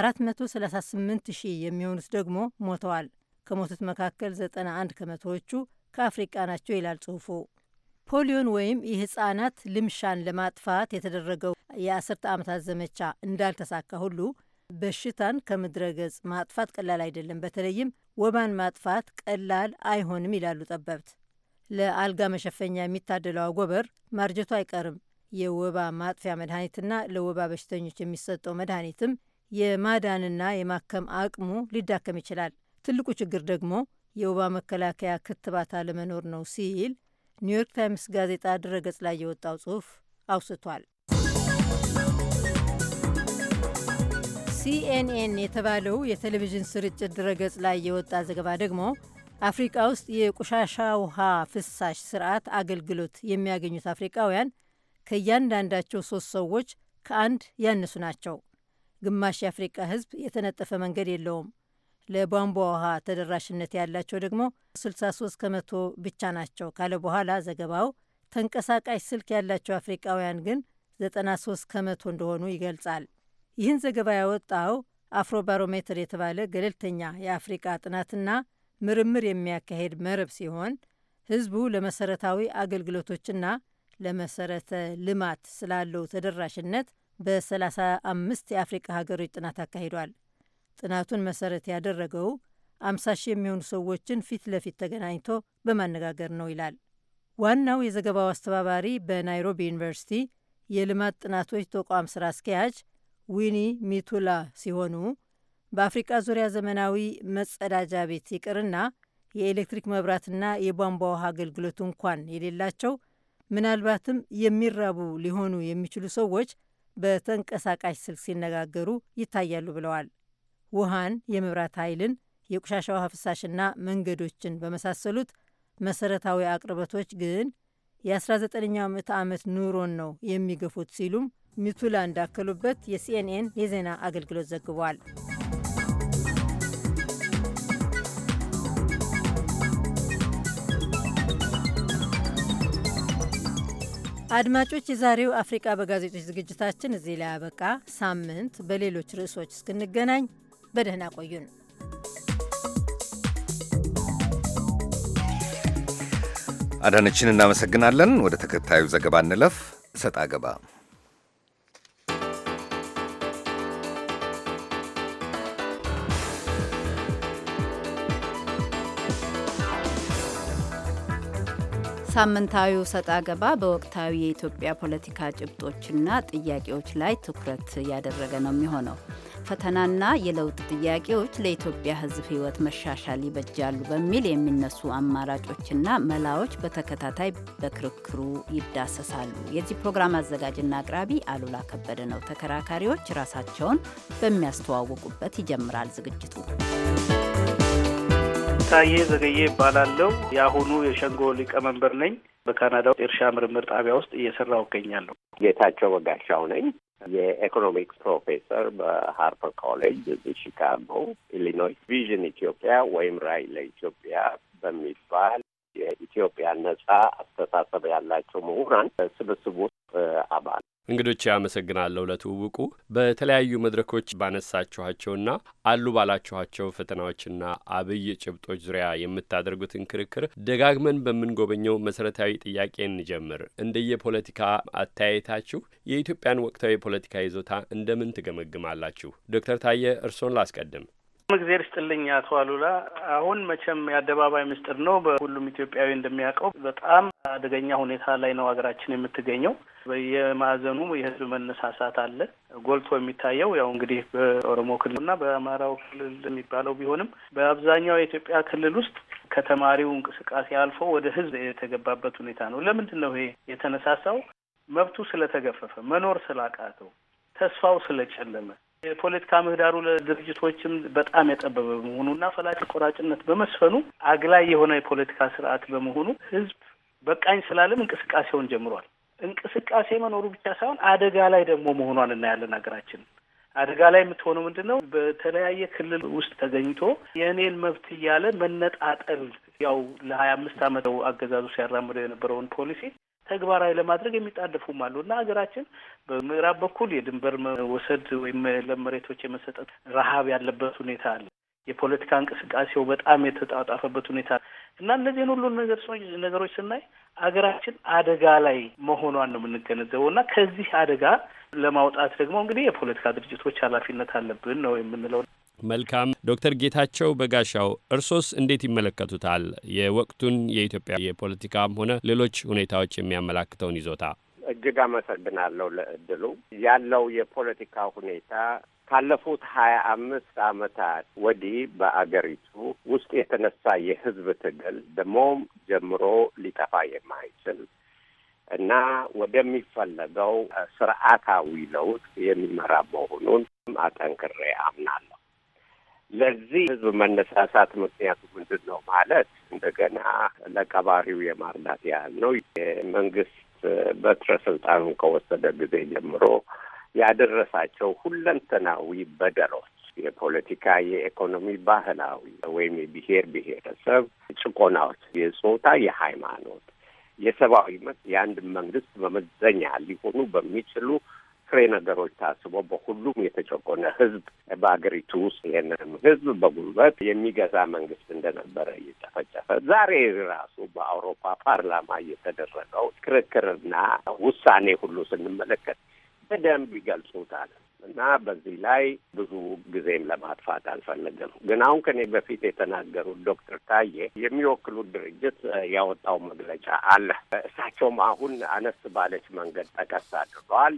438 ሺህ የሚሆኑት ደግሞ ሞተዋል። ከሞቱት መካከል 91 ከመቶዎቹ ከአፍሪቃ ናቸው ይላል ጽሑፉ። ፖሊዮን ወይም የህፃናት ልምሻን ለማጥፋት የተደረገው የአስርተ ዓመታት ዘመቻ እንዳልተሳካ ሁሉ በሽታን ከምድረገጽ ማጥፋት ቀላል አይደለም። በተለይም ወባን ማጥፋት ቀላል አይሆንም ይላሉ ጠበብት። ለአልጋ መሸፈኛ የሚታደለው አጎበር ማርጀቱ አይቀርም። የወባ ማጥፊያ መድኃኒትና ለወባ በሽተኞች የሚሰጠው መድኃኒትም የማዳንና የማከም አቅሙ ሊዳከም ይችላል። ትልቁ ችግር ደግሞ የወባ መከላከያ ክትባት አለመኖር ነው ሲል ኒውዮርክ ታይምስ ጋዜጣ ድረገጽ ላይ የወጣው ጽሑፍ አውስቷል። ሲኤንኤን የተባለው የቴሌቪዥን ስርጭት ድረገጽ ላይ የወጣ ዘገባ ደግሞ አፍሪቃ ውስጥ የቆሻሻ ውሃ ፍሳሽ ስርዓት አገልግሎት የሚያገኙት አፍሪቃውያን ከእያንዳንዳቸው ሶስት ሰዎች ከአንድ ያነሱ ናቸው። ግማሽ የአፍሪቃ ሕዝብ የተነጠፈ መንገድ የለውም። ለቧንቧ ውሃ ተደራሽነት ያላቸው ደግሞ 63 ከመቶ ብቻ ናቸው ካለ በኋላ ዘገባው ተንቀሳቃሽ ስልክ ያላቸው አፍሪቃውያን ግን 93 ከመቶ እንደሆኑ ይገልጻል። ይህን ዘገባ ያወጣው አፍሮባሮሜትር የተባለ ገለልተኛ የአፍሪቃ ጥናትና ምርምር የሚያካሄድ መረብ ሲሆን ህዝቡ ለመሰረታዊ አገልግሎቶችና ለመሰረተ ልማት ስላለው ተደራሽነት በ35 የአፍሪቃ ሀገሮች ጥናት አካሂዷል። ጥናቱን መሰረት ያደረገው አምሳ ሺህ የሚሆኑ ሰዎችን ፊት ለፊት ተገናኝቶ በማነጋገር ነው ይላል። ዋናው የዘገባው አስተባባሪ በናይሮቢ ዩኒቨርሲቲ የልማት ጥናቶች ተቋም ስራ አስኪያጅ ዊኒ ሚቱላ ሲሆኑ በአፍሪቃ ዙሪያ ዘመናዊ መጸዳጃ ቤት ይቅርና የኤሌክትሪክ መብራትና የቧንቧ ውሃ አገልግሎት እንኳን የሌላቸው ምናልባትም የሚራቡ ሊሆኑ የሚችሉ ሰዎች በተንቀሳቃሽ ስልክ ሲነጋገሩ ይታያሉ ብለዋል። ውሃን፣ የመብራት ኃይልን፣ የቆሻሻ ውሃ ፍሳሽና መንገዶችን በመሳሰሉት መሰረታዊ አቅርቦቶች ግን የ19ኛው ምዕተ ዓመት ኑሮን ነው የሚገፉት ሲሉም ሚቱላ እንዳከሉበት የሲኤንኤን የዜና አገልግሎት ዘግቧል። አድማጮች፣ የዛሬው አፍሪቃ በጋዜጦች ዝግጅታችን እዚህ ላይ ያበቃ። ሳምንት በሌሎች ርዕሶች እስክንገናኝ በደህና ቆዩን። አዳነችን እናመሰግናለን። ወደ ተከታዩ ዘገባ እንለፍ። እሰጥ አገባ ሳምንታዊው ሰጥ አገባ በወቅታዊ የኢትዮጵያ ፖለቲካ ጭብጦችና ጥያቄዎች ላይ ትኩረት ያደረገ ነው የሚሆነው። ፈተናና የለውጥ ጥያቄዎች ለኢትዮጵያ ሕዝብ ሕይወት መሻሻል ይበጃሉ በሚል የሚነሱ አማራጮችና መላዎች በተከታታይ በክርክሩ ይዳሰሳሉ። የዚህ ፕሮግራም አዘጋጅና አቅራቢ አሉላ ከበደ ነው። ተከራካሪዎች ራሳቸውን በሚያስተዋውቁበት ይጀምራል ዝግጅቱ። ታዬ ዘገዬ ይባላለው። የአሁኑ የሸንጎ ሊቀመንበር ነኝ። በካናዳ እርሻ ምርምር ጣቢያ ውስጥ እየሰራሁ እገኛለሁ። ጌታቸው በጋሻው ነኝ። የኢኮኖሚክስ ፕሮፌሰር በሃርፐር ኮሌጅ እዚህ ሺካጎ ኢሊኖይስ ቪዥን ኢትዮጵያ ወይም ራዕይ ለኢትዮጵያ በሚባል የኢትዮጵያ ነጻ አስተሳሰብ ያላቸው ምሁራን ስብስብ ውስጥ አባል እንግዶች አመሰግናለሁ ለትውውቁ። በተለያዩ መድረኮች ባነሳችኋቸውና አሉ ባላችኋቸው ፈተናዎችና አብይ ጭብጦች ዙሪያ የምታደርጉትን ክርክር ደጋግመን በምንጎበኘው መሰረታዊ ጥያቄ እንጀምር። እንደየፖለቲካ አተያየታችሁ የኢትዮጵያን ወቅታዊ ፖለቲካ ይዞታ እንደምን ትገመግማላችሁ? ዶክተር ታየ እርሶን ላስቀድም። እግዜር ይስጥልኝ አቶ አሉላ። አሁን መቼም የአደባባይ ምስጢር ነው፣ በሁሉም ኢትዮጵያዊ እንደሚያውቀው በጣም አደገኛ ሁኔታ ላይ ነው ሀገራችን የምትገኘው። በየማዕዘኑ የህዝብ መነሳሳት አለ። ጎልቶ የሚታየው ያው እንግዲህ በኦሮሞ ክልል እና በአማራው ክልል የሚባለው ቢሆንም በአብዛኛው የኢትዮጵያ ክልል ውስጥ ከተማሪው እንቅስቃሴ አልፎ ወደ ህዝብ የተገባበት ሁኔታ ነው። ለምንድን ነው ይሄ የተነሳሳው? መብቱ ስለተገፈፈ፣ መኖር ስላቃተው፣ ተስፋው ስለጨለመ የፖለቲካ ምህዳሩ ለድርጅቶችም በጣም የጠበበ በመሆኑና ፈላጭ ቆራጭነት በመስፈኑ አግላይ የሆነ የፖለቲካ ስርዓት በመሆኑ ህዝብ በቃኝ ስላለም እንቅስቃሴውን ጀምሯል። እንቅስቃሴ መኖሩ ብቻ ሳይሆን አደጋ ላይ ደግሞ መሆኗን እናያለን። ሀገራችን አደጋ ላይ የምትሆነው ምንድን ነው? በተለያየ ክልል ውስጥ ተገኝቶ የእኔን መብት እያለ መነጣጠል ያው ለሀያ አምስት አመት አገዛዙ ሲያራምደው የነበረውን ፖሊሲ ተግባራዊ ለማድረግ የሚጣደፉም አሉ እና ሀገራችን በምዕራብ በኩል የድንበር መወሰድ ወይም ለመሬቶች የመሰጠት ረሀብ ያለበት ሁኔታ አለ። የፖለቲካ እንቅስቃሴው በጣም የተጣጣፈበት ሁኔታ እና እነዚህን ሁሉ ነገሮች ስናይ አገራችን አደጋ ላይ መሆኗን ነው የምንገነዘበው እና ከዚህ አደጋ ለማውጣት ደግሞ እንግዲህ የፖለቲካ ድርጅቶች ኃላፊነት አለብን ነው የምንለው። መልካም ዶክተር ጌታቸው በጋሻው እርሶስ እንዴት ይመለከቱታል? የወቅቱን የኢትዮጵያ የፖለቲካም ሆነ ሌሎች ሁኔታዎች የሚያመላክተውን ይዞታ። እጅግ አመሰግናለሁ ለእድሉ። ያለው የፖለቲካ ሁኔታ ካለፉት ሀያ አምስት አመታት ወዲህ በአገሪቱ ውስጥ የተነሳ የህዝብ ትግል ደግሞም ጀምሮ ሊጠፋ የማይችል እና ወደሚፈለገው ስርዓታዊ ለውጥ የሚመራ መሆኑን አጠንክሬ አምናለሁ። ለዚህ ህዝብ መነሳሳት ምክንያቱ ምንድን ነው ማለት እንደገና ለቀባሪው የማርዳት ያህል ነው። የመንግስት በትረ ስልጣኑን ከወሰደ ጊዜ ጀምሮ ያደረሳቸው ሁለንተናዊ በደሎች የፖለቲካ፣ የኢኮኖሚ፣ ባህላዊ ወይም የብሄር ብሄረሰብ ጭቆናዎች፣ የጾታ፣ የሃይማኖት፣ የሰብአዊ መብት የአንድ መንግስት መመዘኛ ሊሆኑ በሚችሉ ፍሬ ነገሮች ታስቦ በሁሉም የተጨቆነ ህዝብ በሀገሪቱ ውስጥ ይህንንም ህዝብ በጉልበት የሚገዛ መንግስት እንደነበረ እየጨፈጨፈ ዛሬ ራሱ በአውሮፓ ፓርላማ እየተደረገው ክርክርና ውሳኔ ሁሉ ስንመለከት በደንብ ይገልጹታል። እና በዚህ ላይ ብዙ ጊዜም ለማጥፋት አልፈለገም። ግን አሁን ከኔ በፊት የተናገሩት ዶክተር ታዬ የሚወክሉት ድርጅት ያወጣው መግለጫ አለ። እሳቸውም አሁን አነስ ባለች መንገድ ጠቀስ አድርገዋል።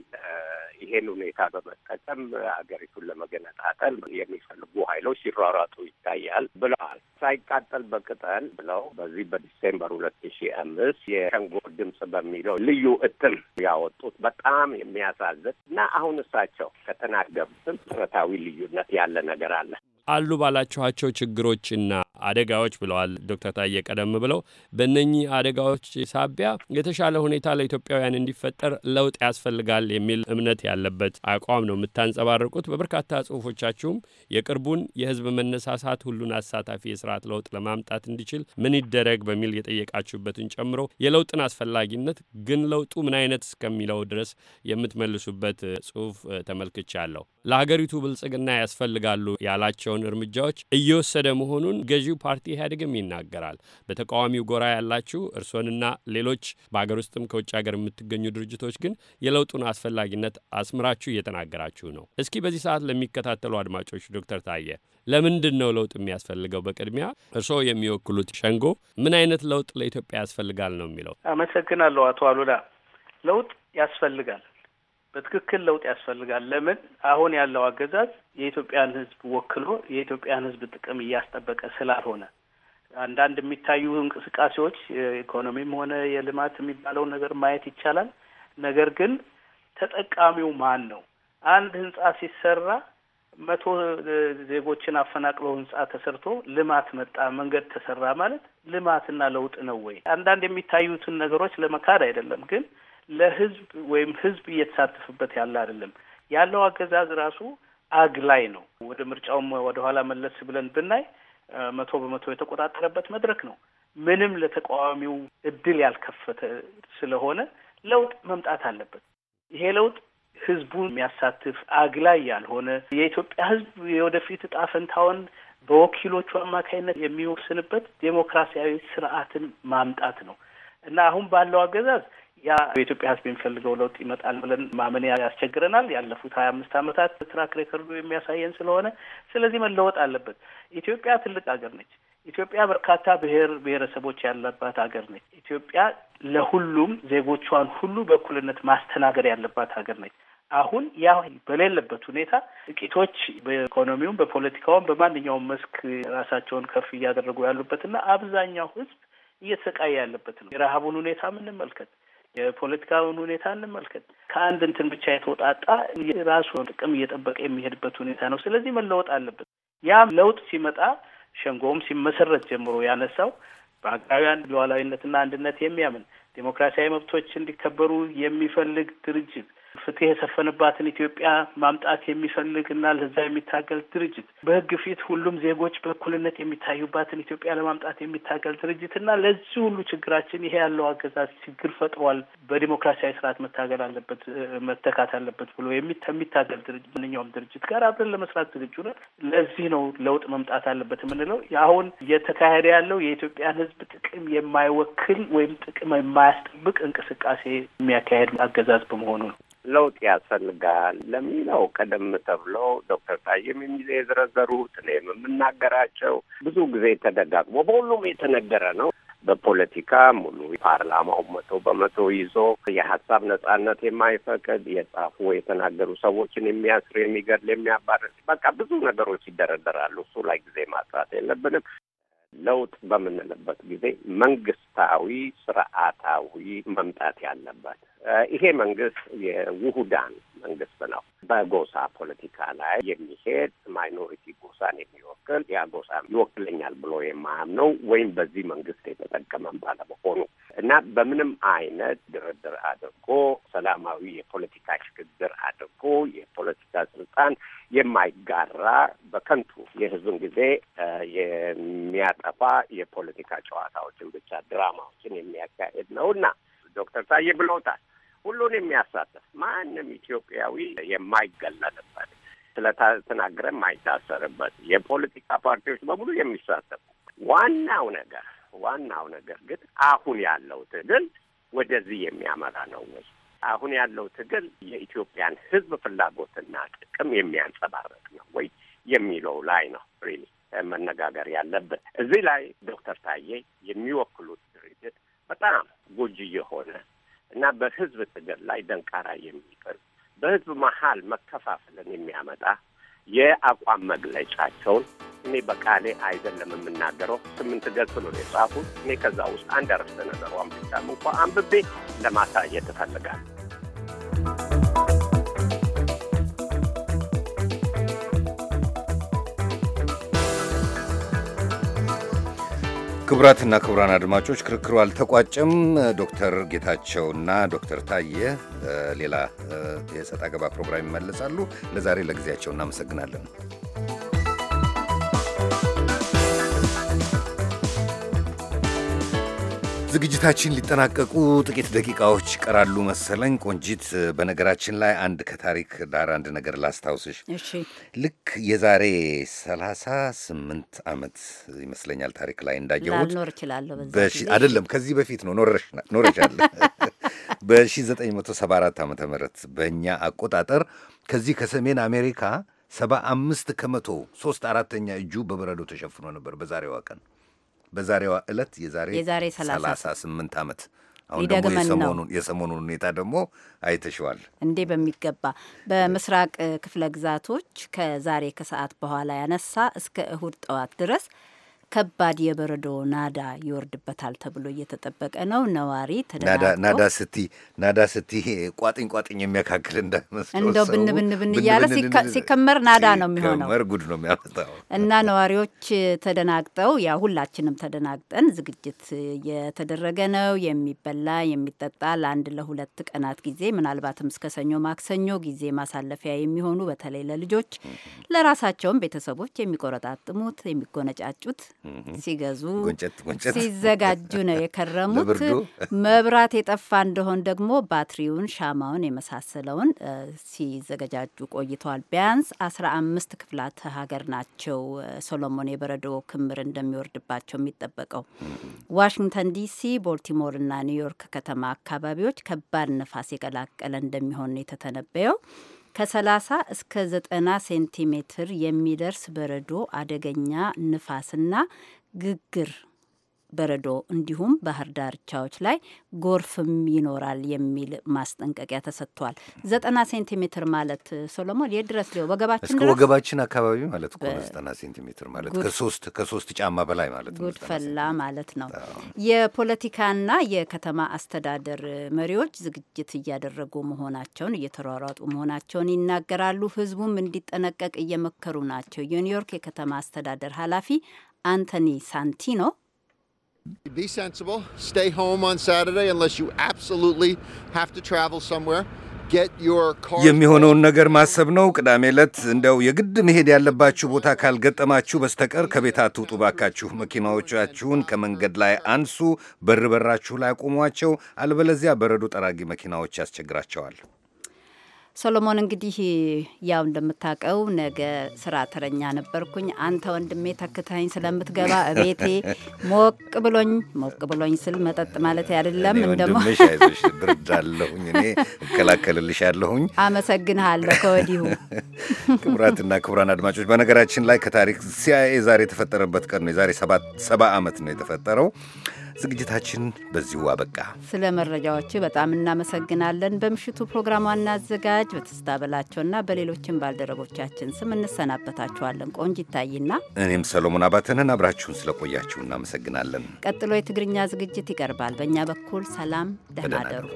ይሄን ሁኔታ በመጠቀም ሀገሪቱን ለመገነጣጠል የሚፈልጉ ኃይሎች ሲሯሯጡ ይታያል ብለዋል። ሳይቃጠል በቅጠል ብለው በዚህ በዲሴምበር ሁለት ሺ አምስት የሸንጎ ድምጽ በሚለው ልዩ እትም ያወጡት በጣም የሚያሳዝን እና አሁን እሳቸው ከተናገሩትም ጥረታዊ ልዩነት ያለ ነገር አለ አሉ ባላችኋቸው ችግሮችና አደጋዎች ብለዋል ዶክተር ታዬ ቀደም ብለው። በእነኚህ አደጋዎች ሳቢያ የተሻለ ሁኔታ ለኢትዮጵያውያን እንዲፈጠር ለውጥ ያስፈልጋል የሚል እምነት ያለበት አቋም ነው የምታንጸባርቁት። በበርካታ ጽሁፎቻችሁም የቅርቡን የህዝብ መነሳሳት ሁሉን አሳታፊ የስርዓት ለውጥ ለማምጣት እንዲችል ምን ይደረግ በሚል የጠየቃችሁበትን ጨምሮ የለውጥን አስፈላጊነት ግን ለውጡ ምን አይነት እስከሚለው ድረስ የምትመልሱበት ጽሁፍ ተመልክቻለሁ። ለሀገሪቱ ብልጽግና ያስፈልጋሉ ያላቸውን እርምጃዎች እየወሰደ መሆኑን ገዢ ገዢው ፓርቲ ኢህአዴግም ይናገራል። በተቃዋሚው ጎራ ያላችሁ እርስዎንና ሌሎች በሀገር ውስጥም ከውጭ ሀገር የምትገኙ ድርጅቶች ግን የለውጡን አስፈላጊነት አስምራችሁ እየተናገራችሁ ነው። እስኪ በዚህ ሰዓት ለሚከታተሉ አድማጮች ዶክተር ታየ ለምንድን ነው ለውጥ የሚያስፈልገው? በቅድሚያ እርስዎ የሚወክሉት ሸንጎ ምን አይነት ለውጥ ለኢትዮጵያ ያስፈልጋል ነው የሚለው። አመሰግናለሁ አቶ አሉላ። ለውጥ ያስፈልጋል በትክክል ለውጥ ያስፈልጋል። ለምን አሁን ያለው አገዛዝ የኢትዮጵያን ሕዝብ ወክሎ የኢትዮጵያን ሕዝብ ጥቅም እያስጠበቀ ስላልሆነ አንዳንድ የሚታዩ እንቅስቃሴዎች ኢኮኖሚም ሆነ የልማት የሚባለውን ነገር ማየት ይቻላል። ነገር ግን ተጠቃሚው ማን ነው? አንድ ህንጻ ሲሰራ መቶ ዜጎችን አፈናቅሎ ህንጻ ተሰርቶ ልማት መጣ መንገድ ተሰራ ማለት ልማትና ለውጥ ነው ወይ? አንዳንድ የሚታዩትን ነገሮች ለመካድ አይደለም፣ ግን ለህዝብ ወይም ህዝብ እየተሳተፈበት ያለ አይደለም። ያለው አገዛዝ ራሱ አግላይ ነው። ወደ ምርጫውም ወደ ኋላ መለስ ብለን ብናይ መቶ በመቶ የተቆጣጠረበት መድረክ ነው። ምንም ለተቃዋሚው እድል ያልከፈተ ስለሆነ ለውጥ መምጣት አለበት። ይሄ ለውጥ ህዝቡን የሚያሳትፍ አግላይ ያልሆነ የኢትዮጵያ ህዝብ የወደፊት እጣ ፈንታውን በወኪሎቹ አማካኝነት የሚወስንበት ዴሞክራሲያዊ ስርዓትን ማምጣት ነው እና አሁን ባለው አገዛዝ ያ በኢትዮጵያ ሕዝብ የሚፈልገው ለውጥ ይመጣል ብለን ማመን ያስቸግረናል። ያለፉት ሀያ አምስት ዓመታት ትራክ ሬከርዱ የሚያሳየን ስለሆነ ስለዚህ መለወጥ አለበት። ኢትዮጵያ ትልቅ ሀገር ነች። ኢትዮጵያ በርካታ ብሔር ብሔረሰቦች ያለባት ሀገር ነች። ኢትዮጵያ ለሁሉም ዜጎቿን ሁሉ በእኩልነት ማስተናገድ ያለባት ሀገር ነች። አሁን ያ በሌለበት ሁኔታ ጥቂቶች በኢኮኖሚውም በፖለቲካውም በማንኛውም መስክ ራሳቸውን ከፍ እያደረጉ ያሉበትና አብዛኛው ህዝብ እየተሰቃየ ያለበት ነው። የረሀቡን ሁኔታ ምንመልከት የፖለቲካውን ሁኔታ እንመልከት። ከአንድ እንትን ብቻ የተወጣጣ የራሱን ጥቅም እየጠበቀ የሚሄድበት ሁኔታ ነው። ስለዚህ መለወጥ አለበት። ያ ለውጥ ሲመጣ ሸንጎውም ሲመሰረት ጀምሮ ያነሳው በሀገራውያን ሉዓላዊነትና አንድነት የሚያምን ዴሞክራሲያዊ መብቶች እንዲከበሩ የሚፈልግ ድርጅት ፍትህ የሰፈነባትን ኢትዮጵያ ማምጣት የሚፈልግ እና ለዛ የሚታገል ድርጅት በህግ ፊት ሁሉም ዜጎች በእኩልነት የሚታዩባትን ኢትዮጵያ ለማምጣት የሚታገል ድርጅት እና ለዚህ ሁሉ ችግራችን ይሄ ያለው አገዛዝ ችግር ፈጥሯል፣ በዲሞክራሲያዊ ስርዓት መታገል አለበት መተካት አለበት ብሎ የሚታገል ድርጅት ማንኛውም ድርጅት ጋር አብረን ለመስራት ዝግጁ ነን። ለዚህ ነው ለውጥ መምጣት አለበት የምንለው። አሁን እየተካሄደ ያለው የኢትዮጵያን ህዝብ ጥቅም የማይወክል ወይም ጥቅም የማያስጠብቅ እንቅስቃሴ የሚያካሄድ አገዛዝ በመሆኑ ነው። ለውጥ ያስፈልጋል ለሚለው ቀደም ተብሎ ዶክተር ታዬም የሚዜ የዘረዘሩት እኔም የምናገራቸው ብዙ ጊዜ ተደጋግሞ በሁሉም የተነገረ ነው። በፖለቲካ ሙሉ ፓርላማው መቶ በመቶ ይዞ የሀሳብ ነጻነት የማይፈቅድ የጻፉ የተናገሩ ሰዎችን የሚያስር የሚገድል የሚያባርር በቃ ብዙ ነገሮች ይደረደራሉ። እሱ ላይ ጊዜ ማጥራት የለብንም። ለውጥ በምንልበት ጊዜ መንግስታዊ ስርዓታዊ መምጣት ያለበት። ይሄ መንግስት የውሁዳን መንግስት ነው። በጎሳ ፖለቲካ ላይ የሚሄድ ማይኖሪቲ ጎሳን የሚወክል ያ ጎሳ ይወክለኛል ብሎ የማያምነው ወይም በዚህ መንግስት የተጠቀመም ባለመሆኑ እና በምንም አይነት ድርድር አድርጎ ሰላማዊ የፖለቲካ ሽግግር አድርጎ የፖለቲካ ስልጣን የማይጋራ በከንቱ የህዝብን ጊዜ የሚያጠፋ የፖለቲካ ጨዋታዎችን ብቻ ድራማዎችን የሚያካሄድ ነው እና ዶክተር ታዬ ብለውታል። ሁሉን የሚያሳተፍ ማንም ኢትዮጵያዊ የማይገለልበት ስለተናገረ የማይታሰርበት የፖለቲካ ፓርቲዎች በሙሉ የሚሳተፉ ዋናው ነገር ዋናው ነገር ግን አሁን ያለው ትግል ወደዚህ የሚያመራ ነው ወይ? አሁን ያለው ትግል የኢትዮጵያን ሕዝብ ፍላጎትና ጥቅም የሚያንጸባረቅ ነው ወይ የሚለው ላይ ነው ሪሊ መነጋገር ያለብን። እዚህ ላይ ዶክተር ታዬ የሚወክሉት ድርጅት በጣም ጎጂ የሆነ እና በሕዝብ ትግል ላይ ደንቃራ የሚጥል በሕዝብ መሀል መከፋፈልን የሚያመጣ የአቋም መግለጫቸውን እኔ በቃሌ አይደለም የምናገረው። ስምንት ገጽ ነው የጻፉት። እኔ ከዛ ውስጥ አንድ አረፍተ ነገሯን ብቻ እንኳ አንብቤ ለማሳየት እፈልጋለሁ። ክቡራትና ክቡራን አድማጮች ክርክሩ አልተቋጨም። ዶክተር ጌታቸውና ዶክተር ታየ ሌላ የሰጥ አገባ ፕሮግራም ይመለሳሉ። ለዛሬ ለጊዜያቸው እናመሰግናለን። ዝግጅታችን ሊጠናቀቁ ጥቂት ደቂቃዎች ይቀራሉ መሰለኝ። ቆንጂት፣ በነገራችን ላይ አንድ ከታሪክ ዳር አንድ ነገር ላስታውስሽ። ልክ የዛሬ ሰላሳ ስምንት ዓመት ይመስለኛል ታሪክ ላይ እንዳየሁት አይደለም፣ ከዚህ በፊት ነው ኖረሻለ በ1974 ዓ ም በእኛ አቆጣጠር ከዚህ ከሰሜን አሜሪካ ሰባ አምስት ከመቶ ሶስት አራተኛ እጁ በበረዶ ተሸፍኖ ነበር በዛሬዋ ቀን። በዛሬዋ ዕለት የዛሬ 38 ዓመት አሁን ደግሞ የሰሞኑን ሁኔታ ደግሞ አይተሸዋል እንዴ? በሚገባ በምስራቅ ክፍለ ግዛቶች ከዛሬ ከሰዓት በኋላ ያነሳ እስከ እሁድ ጠዋት ድረስ ከባድ የበረዶ ናዳ ይወርድበታል ተብሎ እየተጠበቀ ነው። ነዋሪ ናዳ ስቲ ናዳ ስቲ ቋጥኝ ቋጥኝ የሚያካክል እንዳይመስለው እንደው ብን ብን ብን እያለ ሲከመር ናዳ ነው የሚሆነው። ጉድ ነው የሚያመጣው እና ነዋሪዎች ተደናግጠው፣ ያ ሁላችንም ተደናግጠን ዝግጅት እየተደረገ ነው። የሚበላ የሚጠጣ ለአንድ ለሁለት ቀናት ጊዜ ምናልባትም እስከ ሰኞ ማክሰኞ ጊዜ ማሳለፊያ የሚሆኑ በተለይ ለልጆች ለራሳቸውም ቤተሰቦች የሚቆረጣጥሙት የሚጎነጫጩት ሲገዙ ሲዘጋጁ ነው የከረሙት። መብራት የጠፋ እንደሆን ደግሞ ባትሪውን፣ ሻማውን የመሳሰለውን ሲዘገጃጁ ቆይተዋል። ቢያንስ አስራ አምስት ክፍላት ሀገር ናቸው ሶሎሞን የበረዶ ክምር እንደሚወርድባቸው የሚጠበቀው። ዋሽንግተን ዲሲ፣ ቦልቲሞር እና ኒውዮርክ ከተማ አካባቢዎች ከባድ ነፋስ የቀላቀለ እንደሚሆን የተተነበየው ከ30 እስከ 90 ሴንቲሜትር የሚደርስ በረዶ፣ አደገኛ ንፋስና ግግር በረዶ እንዲሁም ባህር ዳርቻዎች ላይ ጎርፍም ይኖራል የሚል ማስጠንቀቂያ ተሰጥቷል። ዘጠና ሴንቲሜትር ማለት ሶሎሞን የት ድረስ ሊሆን ወገባችን ድረስ ወገባችን አካባቢ ማለት እኮ ዘጠና ሴንቲሜትር ማለት ከሶስት ከሶስት ጫማ በላይ ማለት ነው። ጉድፈላ ማለት ነው። የፖለቲካና የከተማ አስተዳደር መሪዎች ዝግጅት እያደረጉ መሆናቸውን እየተሯሯጡ መሆናቸውን ይናገራሉ። ህዝቡም እንዲጠነቀቅ እየመከሩ ናቸው። የኒውዮርክ የከተማ አስተዳደር ኃላፊ አንቶኒ ሳንቲኖ Be sensible. Stay home on Saturday unless you absolutely have to travel somewhere. የሚሆነውን ነገር ማሰብ ነው። ቅዳሜ ዕለት እንደው የግድ መሄድ ያለባችሁ ቦታ ካልገጠማችሁ በስተቀር ከቤት አትውጡ ባካችሁ። መኪናዎቻችሁን ከመንገድ ላይ አንሱ፣ በር በራችሁ ላይ አቁሟቸው። አልበለዚያ በረዶ ጠራጊ መኪናዎች ያስቸግራቸዋል። ሰሎሞን እንግዲህ ያው እንደምታውቀው ነገ ስራ ተረኛ ነበርኩኝ። አንተ ወንድሜ ተክተኝ ስለምትገባ እቤቴ ሞቅ ብሎኝ ሞቅ ብሎኝ ስል መጠጥ ማለት አይደለም። እንደሞሽ ብርዳለሁኝ እኔ እከላከልልሻለሁኝ። አመሰግንሃለሁ ከወዲሁ። ክቡራትና ክቡራን አድማጮች በነገራችን ላይ ከታሪክ ሲአይኤ ዛሬ የተፈጠረበት ቀን ነው። የዛሬ ሰባ ዓመት ነው የተፈጠረው ዝግጅታችን በዚሁ አበቃ። ስለ መረጃዎች በጣም እናመሰግናለን። በምሽቱ ፕሮግራም ዋና አዘጋጅ በትስታ በላቸውና በሌሎችም ባልደረቦቻችን ስም እንሰናበታችኋለን። ቆንጅ ይታይና እኔም ሰሎሞን አባተንን አብራችሁን ስለቆያችሁ እናመሰግናለን። ቀጥሎ የትግርኛ ዝግጅት ይቀርባል። በእኛ በኩል ሰላም፣ ደህና አደሩ።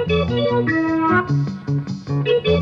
Thank you.